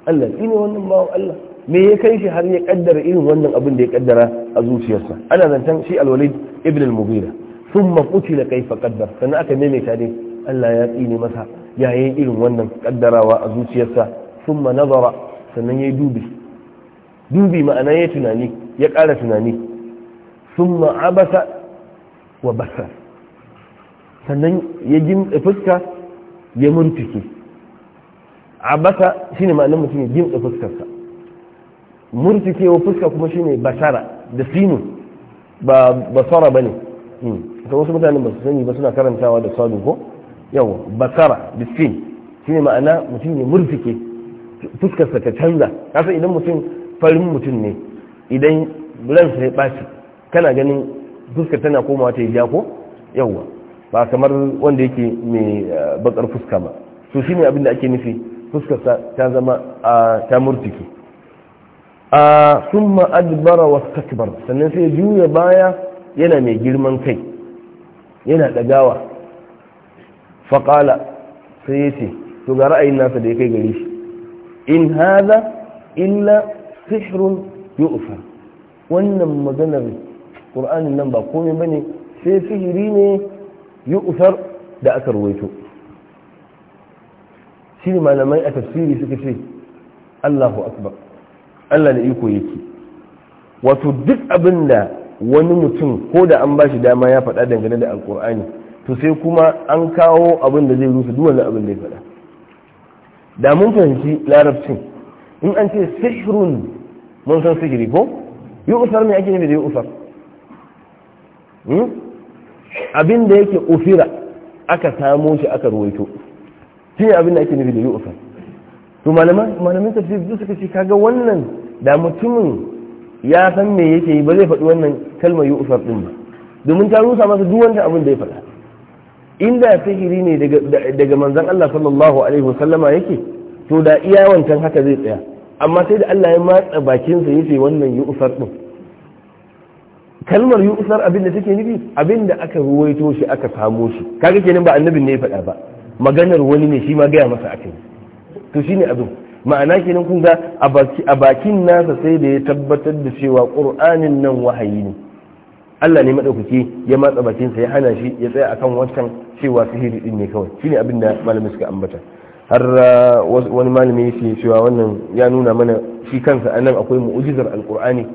Allah shi ne wannan bawan Allah me ya kai shi har ya ƙaddara irin wannan abin da ya ƙaddara a zuciyarsa ana zantan shi alwalid ibn al mubira Sun thumma qutila kaifa qaddar sannan aka maimaita ne Allah ya tsine masa ya yi irin wannan ƙaddarawa a zuciyarsa Sun thumma nazara sannan ya yi dubi dubi ma'ana ya tunani ya ƙara tunani thumma abasa wa basar sannan ya gimtsa fuska ya a basa shine ma'anin mutum ya gimtsa fuskarsa murtuke wa fuska kuma shine basara da sinu ba basara bane ta hmm. wasu mutane ba su sani ba suna karantawa da sadu ko yau basara da sin shine ma'ana mutum ya murtuke fuskarsa ta canza kasa idan mutum farin mutum ne idan ransa ya ɓaci kana ganin fuskar tana komawa ta yi ja ko yawwa ba kamar wanda yake mai eh, bakar fuska ba to ne, abin da ake nufi fuskar ta zama ta murtiki a summa wasu wastakbar sannan sai juya baya yana mai girman kai yana ɗagawa. Faƙala, sai ya ce. to ga ra'ayin nasa da ya kai gare shi in haza illa sihrun yu'far wannan maganar ƙur'anin nan ba komai ba ne sai sihiri ne yi usar da aka ruwaito shi ne malamai a tafsiri suka ce allahu akbar allah da iko yake wato duk abin da wani mutum ko da an ba shi dama ya faɗa dangane da alƙur'ani to sai kuma an kawo abin da zai rusa duwanne abin da ya faɗa da mun fahimci larabcin in an ce sihirun mun san sihiri ko yi usar ne ake nufi da yi usar Hmm? abin da yake ufira aka samo shi aka ruwaito shi abin da ake nufi da yi ufar to malamin tafi zuwa suka ce kaga wannan da mutumin ya san me yake yi ba zai faɗi wannan kalma yi ufar ɗin ba domin ta rusa masa duk wanda abin da ya faɗa inda sihiri ne daga manzan Allah sallallahu alaihi wasallama yake to da iya wancan haka zai tsaya amma sai da Allah ya matsa bakinsa yace wannan yi ufar ɗin kalmar yi usar abin da take nufi abin da aka ruwaito shi aka samo shi kaga kenan ba annabin ne ya faɗa ba maganar wani ne shi ma gaya masa aka yi to shine abin ma'ana kenan kun ga a bakin nasa sai da ya tabbatar da cewa ƙur'anin nan wahayi ne Allah ne maɗaukaki ya matsa bakinsa sa ya hana shi ya tsaya akan wancan cewa sihiri din ne kawai shine abin da malamin suka ambata har uh, wani malami yake cewa wannan ya nuna mana shi kansa anan akwai mu'jizar alqur'ani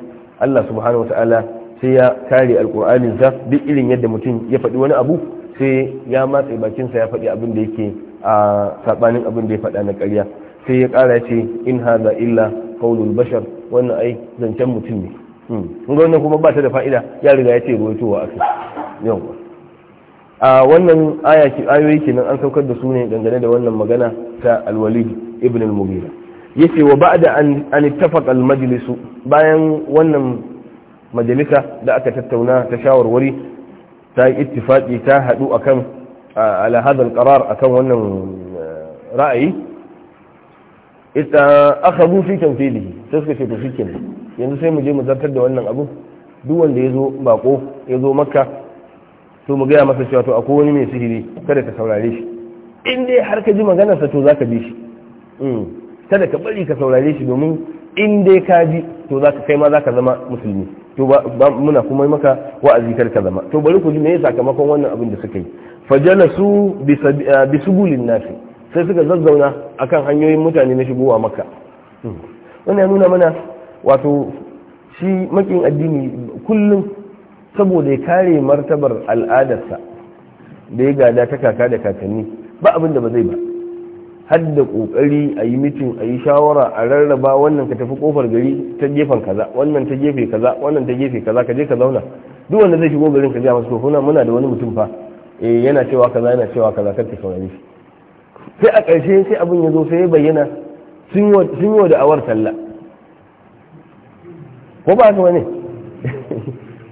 Allah subhanahu wataala sai ya kare alkur'aninsa duk irin yadda mutum ya faɗi wani abu sai ya matse bakinsa ya faɗi abin da yake a saɓanin abin da ya faɗa na ƙarya sai ya ƙara ce in haza illa qaulul bashar wannan ai zancen mutum ne hmm. kun ga wannan kuma ba ta da fa'ida ya riga ya ce ruwaitowa akai yawa a wannan ayoyi kenan an saukar da su ne dangane da wannan magana ta alwali ibn al-mughira yace wa ba'da an ittafaqa al bayan wannan majalisa da aka tattauna ta shawarwari ta yi ittifaki ta haɗu akan ala hadal qarar akan wannan eh, ra'ayi ita akhadhu fi tanfidihi sai suka ce to shikenan yanzu sai mu je mu zartar da wannan abu duk wanda yazo bako yazo makka to mu gaya masa cewa to akwai wani mai sihiri kada ka saurare shi in dai har ka ji maganarsa to zaka bi shi mm. kada ka bari ka saurare shi domin in dai ka ji to zaka kai ma zaka zama musulmi to muna kuma maka wa'azi kar ka zama to bari ku ji me sakamakon wannan abin da suka yi fajalasu bi eh, subulin nafi sai suka zazzauna akan hanyoyin mutane na shigowa makka hmm. wannan nuna mana wato shi makin addini kullum saboda ya kare martabar al'adarsa da ya gada ta kaka da kakanni ba abin da ba zai ba hadda kokari a yi mitin a yi shawara a rarraba wannan ka tafi kofar gari ta gefen kaza wannan ta gefe kaza wannan ta gefe kaza ka je ka zauna duk wanda zai shigo garin ka ga masu kofuna muna da wani mutum fa eh yana cewa kaza yana cewa kaza kar ka saurare shi sai a ƙarshe sai abin ya zo sai ya bayyana sun yi da awar talla ko ba su *laughs* wani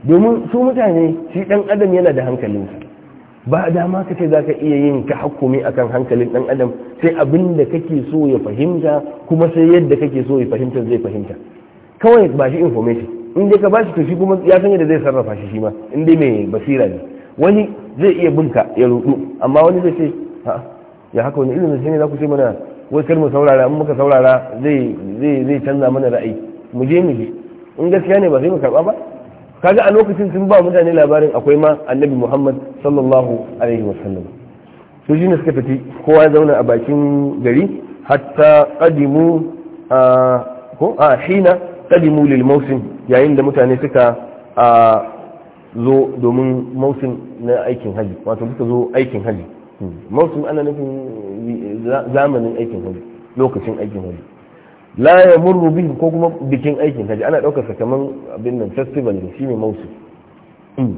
domin su mutane shi dan adam yana da hankalinsa ba dama ka ce za ka iya yin ka hukumi akan hankalin ɗan adam sai abin da kake so ya fahimta kuma sai yadda kake so ya fahimta zai fahimta kawai ba shi information in dai ka ba shi to kuma ya san yadda zai sarrafa shi shi ma in dai mai basira ne wani zai iya binka ya rudu amma wani zai ce ya haka wani ilimin sai ne za ku ce mana wai kar mu saurara in muka saurara zai canza mana ra'ayi mu je mu ji in gaskiya ne ba sai mu karba ba kaga a lokacin sun ba mutane labarin akwai ma annabi muhammad sallallahu alaihi wasallam su shi ne suka tafi kowa ya zauna a bakin gari hatta kadimu a ko a hina kadimu lil mausim yayin da mutane suka a zo domin mausim na aikin haji wato suka zo aikin haji hmm. mausim ana nufin zamanin aikin haji lokacin aikin haji la ya murru bihi ko kuma bikin aikin haji ana ɗaukar sa kaman abin nan festival ne shine mausu mm.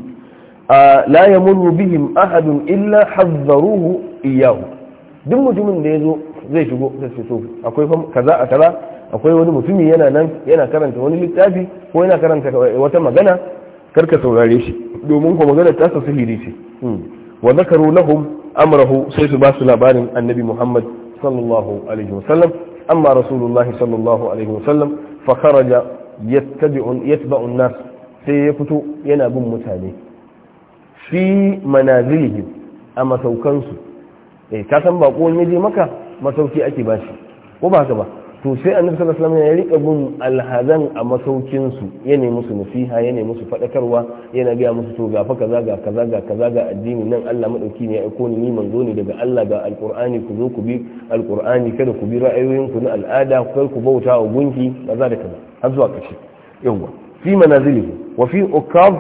la ya murru bihim ahadun illa hazzaruhu iyahu duk mutumin da ya zo zai shigo sai so akwai kaza a kaza akwai wani mutumi yana nan yana karanta wani littafi ko yana karanta wata magana karka saurare shi domin ko magana ta sa ce mm. wa zakaru lahum amrahu sai su ba su labarin annabi muhammad sallallahu alaihi wasallam أما رسول الله صلى الله عليه وسلم فخرج يتبع, يتبع الناس سيكتو يناب متاني في منازلهم أما سوكنسو إيه، كاسم باقون يجي مكة ما سوكي أكي باشي وبهكذا to sai annabi sallallahu alaihi wasallam ya rika bin alhazan a masaukin su yana musu nasiha yana musu fadakarwa yana ga musu to ga fa kaza ga kaza ga kaza ga addini nan Allah madauki ne ya aiko ni manzo ne daga Allah ga alqur'ani ku zo ku bi alqur'ani kada ku bi ra'ayoyin ku na al'ada kar ku bauta wa gunki kaza da kaza har zuwa kashi yawa fi manazili wa fi ukab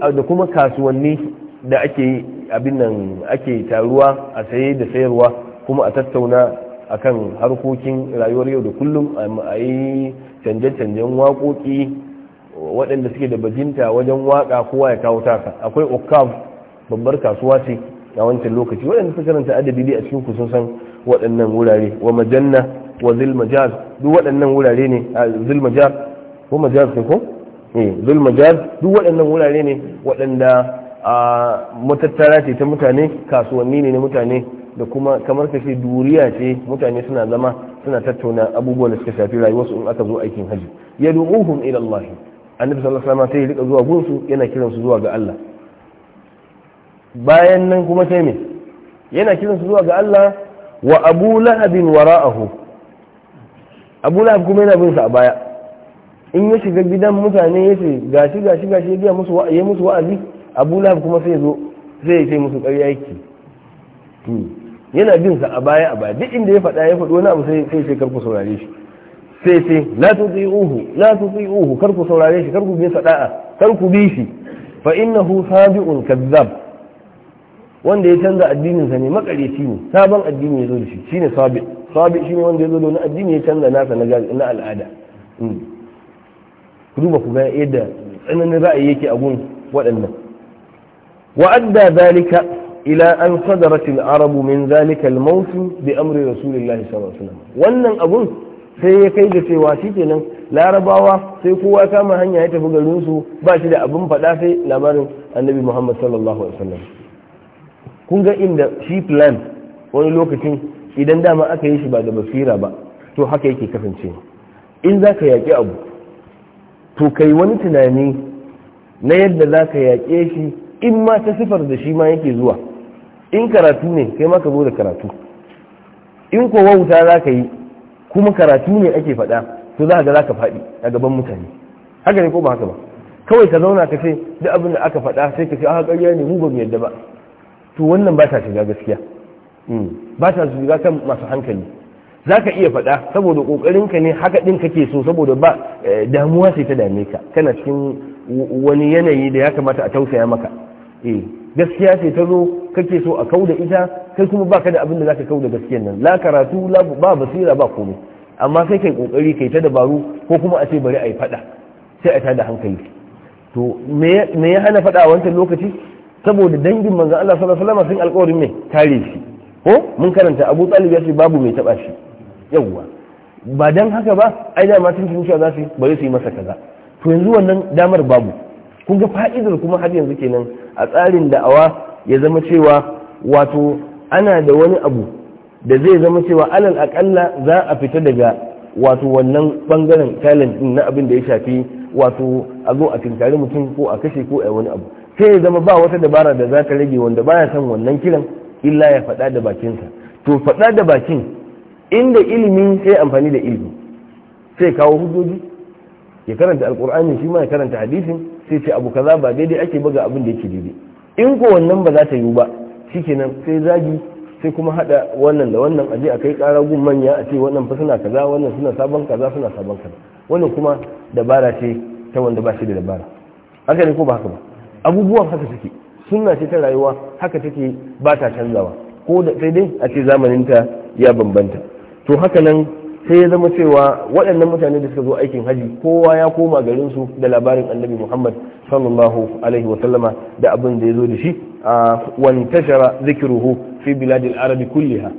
da kuma kasuwanni da ake abin nan ake taruwa a saye da sayarwa kuma a tattauna akan harkokin rayuwar yau da kullum a yi canje-canjen waƙoƙi waɗanda suke da bajinta wajen waƙa kowa ya kawo taka akwai okav babbar kasuwa ce a wancan lokaci waɗanda suka karanta adabi a cikin kusan san waɗannan wurare wa majanna wa zilmajaz duk waɗannan wurare ne a zilmajaz ko majaz ko eh, zilmajaz duk waɗannan wurare ne waɗanda a matattara ce ta mutane kasuwanni ne na mutane da kuma kamar ka ce duriya ce mutane suna zama suna tattauna abubuwan da suka shafi su in aka zo aikin haji ya du'uhum ila Allah annabi sallallahu alaihi wasallam sai ya rika zuwa gunsu yana kiran su zuwa ga Allah bayan nan kuma sai me yana kiran su zuwa ga Allah wa Abu Lahab wara'ahu Abu Lahab kuma yana bin sa a baya in ya shiga gidan mutane ya ce gashi gashi gashi ya musu wa'azi musu wa'azi Abu Lahab kuma sai ya zo sai ya ce musu ƙarya yake hmm. yana bin sa a baya a baya duk inda ya faɗa ya faɗi wani abu sai sai kar ku saurare shi sai sai la tuti'uhu la tuti'uhu kar ku saurare shi kar ku bi sa da'a kar ku bi shi fa innahu sabi'un kazzab wanda ya canza addinin sa ne makareci ne sabon addini ya zo da shi shine sabi sabi shine wanda ya zo da wani addini ya canza nasa na na al'ada hmm. ku duba ku ga yadda tsananin ra'ayi yake a gun waɗannan wa'adda zalika ila an sadarat al arabu min zalika al-maut bi amri rasulillahi sallallahu alaihi wasallam wannan abun sai ya kai da cewa shi kenan larabawa sai kowa kama hanya ya tafi garin su ba shi da abun faɗa sai labarin annabi muhammad sallallahu alaihi wasallam kun ga inda shi plan wani lokacin idan dama aka yi shi ba da basira ba to haka yake kasance in za ka yaƙi abu to kai wani tunani na yadda za ka yaƙe shi in ma ta sifar da shi ma yake zuwa in karatu ne kai maka zo da karatu in ko wauta za ka yi kuma karatu ne ake faɗa to za ga za ka faɗi a gaban mutane haka ne ko ba haka ba kawai ka zauna ka ce duk abin da aka faɗa sai ka ce a ah, ƙarya ne mu ba mu yadda ba to wannan ba ta shiga gaskiya hmm. ba ta shiga kan masu hankali za ka iya faɗa saboda ka ne haka ɗin kake so saboda ba eh, damuwa sai ta dame ka kana cikin wani yanayi da ya kamata a tausaya maka eh gaskiya ce ta zo kake so a kau da ita kai kuma ba ka da abin da za ka zaka da gaskiyan nan la karatu la ba basira ba komai amma sai kai kokari kai ta dabaru ko kuma a ce bari a yi fada sai a tada hankali to me ya hana fada a wancan lokaci saboda dangin manzo Allah sallallahu alaihi wasallam sun alƙawarin me? kare shi ko mun karanta Abu Talib ya ce babu mai taba shi yawwa ba dan haka ba ai da ma tun cewa za su bari su yi masa kaza to yanzu wannan damar babu kun ga fa'idar kuma har yanzu kenan a tsarin da'awa ya zama cewa wato ana da wani abu da zai zama cewa alal akalla za a fita daga wato wannan bangaren talent din na abin da ya shafi wato a zo a tinkari mutum ko a kashe ko a wani abu sai ya zama ba wata dabara da za ta rage wanda baya son wannan kiran illa ya faɗa da bakinsa to faɗa da bakin inda ilimi sai amfani da ilimi sai kawo hujjoji ya karanta alkur'ani shi ma ya karanta hadisin sai ce abu kaza ba daidai ake buga abin da yake daidai in ko wannan ba za ta yiwu ba shikenan sai zagi sai kuma hada wannan da wannan aje a kai kara gun manya a ce wannan fa suna kaza wannan suna sabon kaza suna sabon kaza wannan kuma dabara ce ta wanda ba shi da dabara haka ne ko ba haka ba abubuwan haka suke sunna ce ta rayuwa haka take ba ta canzawa ko da sai dai a ce zamanin ta ya bambanta to haka nan sai ya zama cewa waɗannan mutane da suka zo aikin haji kowa ya koma garinsu da labarin annabi muhammad sallallahu alaihi wasallama da abin da ya zo da shi a wantashara zikiruhu fi biladil arabi kulliha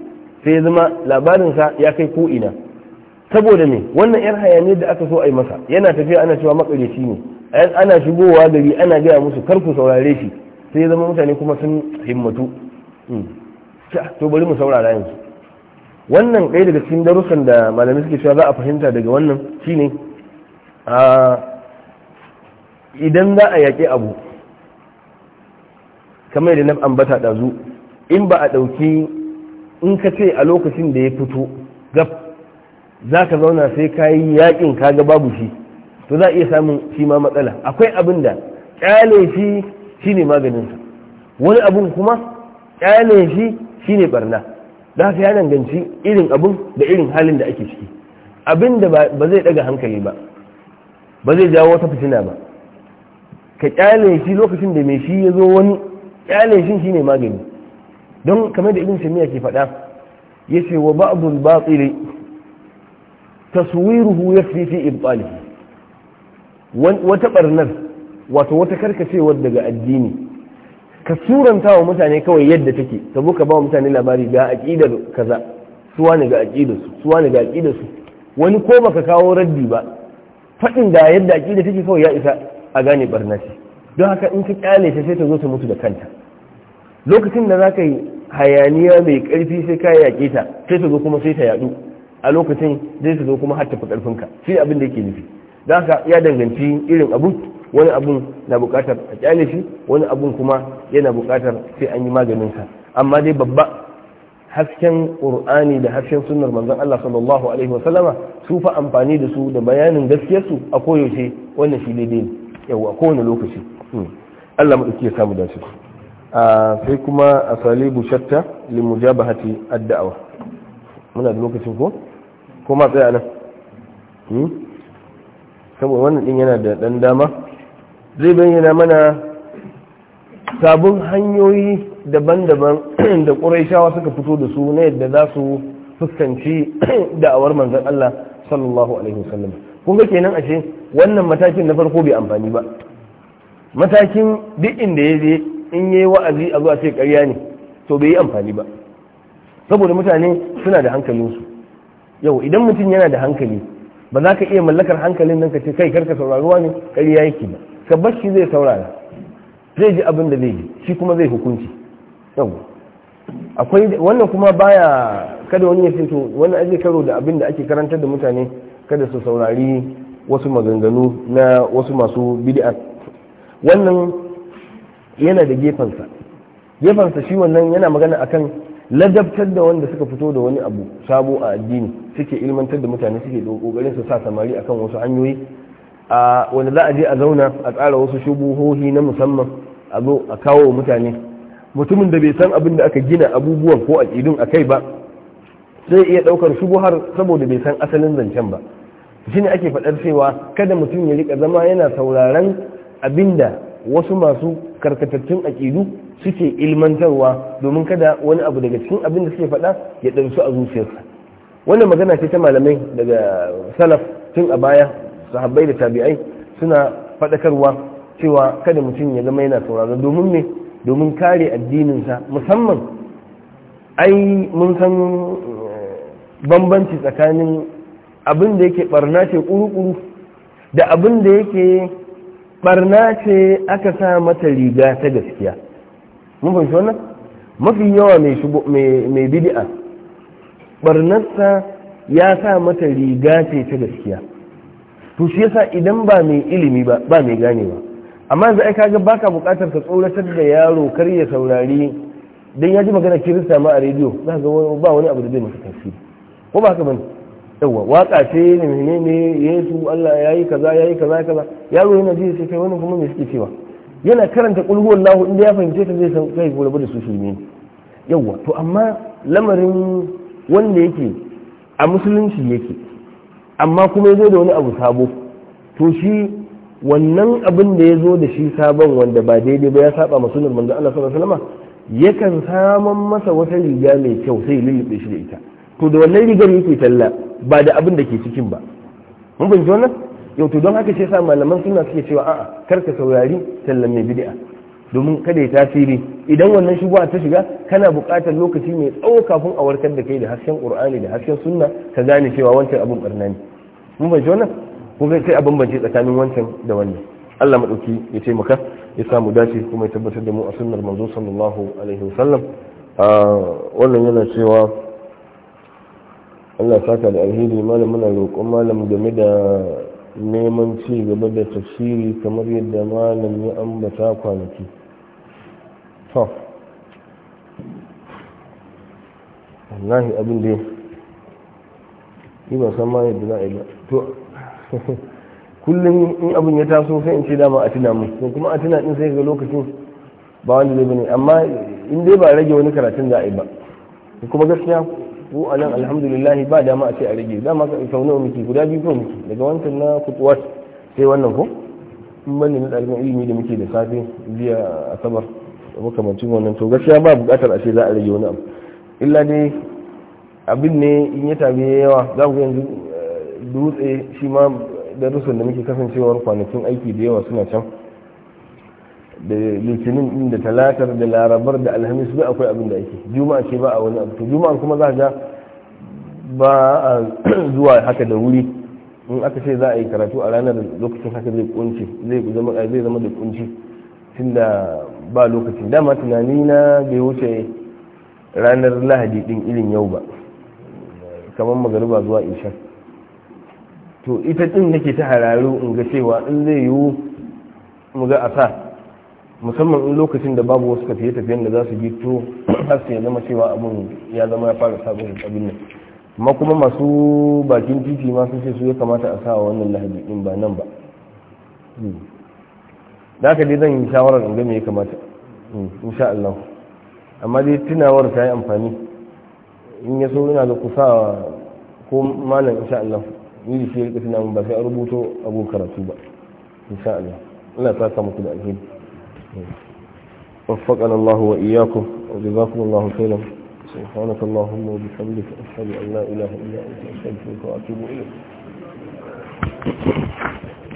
sai ya zama labarinsa ya kai ko'ina saboda ne wannan yar hayaniyar da aka so a yi masa yana tafiya ana cewa makareci ne ana shigowa gari ana gaya musu kar ku saurare shi sai ya zama mutane kuma sun himmatu hmm. to bari mu saurara yanzu wannan ɗaya daga cikin darussan da malamai suke cewa za a fahimta daga wannan shine idan za a yaƙi abu kamar yadda na ambata ɗazu in ba a ɗauki in ka ce a lokacin da ya fito gaf za ka zauna sai ka yi yaƙin kaga babu shi to za a iya samun shi ma matsala akwai abin da ƙyale shi shine maganinsa wani abin kuma ƙyale shi shine barna da haka ya danganci irin abun da irin halin da ake ciki abin da ba zai daga hankali ba ba zai jawo wata fitina ba ka kyale shi lokacin da mai shi ya zo wani kyale shi shi ne magani don kamar da irin shamiya ke faɗa ya ce wa Taswiru batil taswiruhu yafi fi tsali. wata barnar wato wata karkacewar daga addini ka suranta wa mutane kawai yadda take ka zo ka ba mutane labari ga aqidar kaza suwa ne ga aqidar su suwa ne ga aqidar su wani ko baka kawo raddi ba fadin da yadda aqida take kawai ya isa a gane barnaci don haka in ka kyale ta sai ta zo ta mutu da kanta lokacin da zaka yi hayaniya mai karfi sai ka yaƙe ta sai ta zo kuma sai ta yadu a lokacin zai ta zo kuma har ta fi karfin shi abin da yake nufi don haka ya danganci irin abu wani abun na bukatar a kyale shi wani abun kuma yana bukatar sai an yi maganin sa amma dai babba hasken qur'ani da hasken sunnar manzon Allah sallallahu alaihi wasallama su fa amfani da su da bayanin gaskiyar su a koyaushe wannan shi daidai ne ko kowane lokaci hmm. Allah mu ya samu dace sai kuma asalibu shatta limujabahati ad-da'wa muna da lokacin ko ko ma tsaya nan hmm? saboda wannan din yana da dan dama zai bayyana mana sabon hanyoyi daban-daban *clears throat* da ƙuraishawa suka fito da su na yadda za su fuskanci *clears throat* da'awar manzan Allah sallallahu alaihi wasallam kun ga kenan ashe wannan matakin na farko bai amfani ba matakin duk inda ya je in yi wa'azi a zuwa sai ƙarya ne to bai yi amfani ba saboda mutane suna da hankalinsu yau idan mutum yana da hankali ba za ka iya mallakar hankalin nan ka ce kai karka saurari ne ƙarya yake ba ka bashi zai saurara zai ji abin da zai ji shi kuma zai hukunci yau akwai wannan kuma baya kada wani ya fito wannan aje karo da abin da ake karantar da mutane kada su saurari wasu maganganu na wasu masu bid'a wannan yana da gefensa gefensa shi wannan yana magana akan ladabtar da wanda suka fito da wani abu sabo a addini suke ilmantar da mutane suke kokarin su sa samari akan wasu hanyoyi a wanda za a je a zauna a tsara wasu shubuhohi na musamman a zo a kawo mutane mutumin da bai san abin da aka gina abubuwan ko aƙidun a kai ba zai iya ɗaukar shubuhar saboda bai san asalin zancen ba shi ne ake faɗar cewa kada mutum ya rika zama yana sauraron abin da wasu masu karkatattun aƙidu suke ilmantarwa domin kada wani abu daga cikin abin da suke faɗa ya ɗansu a zuciyarsa wannan magana ce ta malamai daga salaf tun a baya sahabbai da tabi'ai suna faɗakarwa cewa kada mutum ya zama yana sauraro domin me domin kare addininsa musamman ai mun san eh, bambanci tsakanin abin da yake barna ce kuru-kuru da abin da yake barna ce aka sa mata riga ta gaskiya mun fahimci wannan mafi yawa mai bidi'a barnarsa ya sa mata riga ce ta gaskiya to shi yasa idan ba mai ilimi ba ba mai ganewa amma yanzu ai kaga baka buƙatar ka tsoratar da yaro kar saurari dan ya magana kirista ma a rediyo za ka ga ba wani abu da zai masa tafi ko ba ka bane yawa waka ce ne menene Yesu Allah yayi kaza yayi kaza kaza yaro yana ji sai kai wani kuma me suke cewa yana karanta kul huwallahu inda ya fahimce ta zai san kai gobe da su shirme yawa to amma lamarin wanda yake a musulunci yake amma kuma ya zo da wani abu sabo to shi wannan abin da ya zo da shi sabon wanda ba daidai ba ya saba ma sunan manzo Allah sallallahu alaihi wasallam yakan saman masa wata riga mai kyau sai lullube shi da ita to da wannan rigar yake talla ba da abin da ke cikin ba mun fahimci wannan yau to don haka sai sa malaman suna suke cewa a'a kar ka saurari tallan mai bid'a domin kada ya tasiri idan wannan shubuwa ta shiga kana buƙatar lokaci mai tsawo kafin a warkar da kai da hasken qur'ani da hasken sunna ka gane cewa wancan abin barna ne mun bai wannan ko sai a bambance tsakanin wancan da wannan Allah madauki ya taimaka ya mu dace kuma ya tabbatar da mu a sunnar manzo sallallahu alaihi wasallam ah, wannan yana cewa Allah saka da alheri malam muna roƙon malam game da neman ci gaba da tafsiri kamar yadda malam ya ambata kwanaki to wallahi abin da shi ba san ma yadda za a yi ba to *laughs* kullum in abin ya taso sai in ce dama a tuna mu to kuma a tuna din sai ga lokacin ba wanda zai bane amma in dai ba a rage wani karatun za a yi ba kuma gaskiya ko a nan alhamdulillah ba dama a ce a rage dama ka sau nawa muke guda biyu ko muke daga wancan na kutuwat sai wannan ko in ne na ɗalibin ilimi da muke da safe biya asabar da makamancin wannan to gaskiya ba buƙatar a ce za a rage wani abu illa dai abin ne in ya tabi yawa za ku yanzu eh, dutse shi ma darussan da muke kasancewar kwanakin aiki da yawa suna can da litinin din da talatar da larabar da alhamis duk akwai abin da ake juma'a ce ba a wani abu juma'a kuma za ga ba a *clears throat* zuwa haka da wuri in aka ce za a yi karatu a ranar lokacin haka zai kunci zai zama zai zama da kunci tunda ba lokacin dama tunani na bai wuce ranar lahadi din irin yau ba kamar magariba zuwa isha to ita din nake ta hararo in ga cewa in zai yiwu mu ga asa musamman in lokacin da babu wasu tafiye tafiyen da za su to har su ya zama cewa abun ya zama ya fara sabon abin nan amma kuma masu bakin titi ma sun ce su ya kamata a sa wannan lahadi din ba nan ba hmm. da ka dai zan yi shawarar in ga me ya kamata hmm, insha Allah amma dai tunawar ta yi amfani in ya so yana da sa ko malam insha Allah ni da shi rika ba sai a rubuto abun karatu ba insha Allah Allah ta sa muku da alheri وفقنا الله وإياكم وجزاكم الله خيرا سبحانك اللهم وبحمدك أشهد أن لا إله إلا أنت أستغفرك وأتوب إليك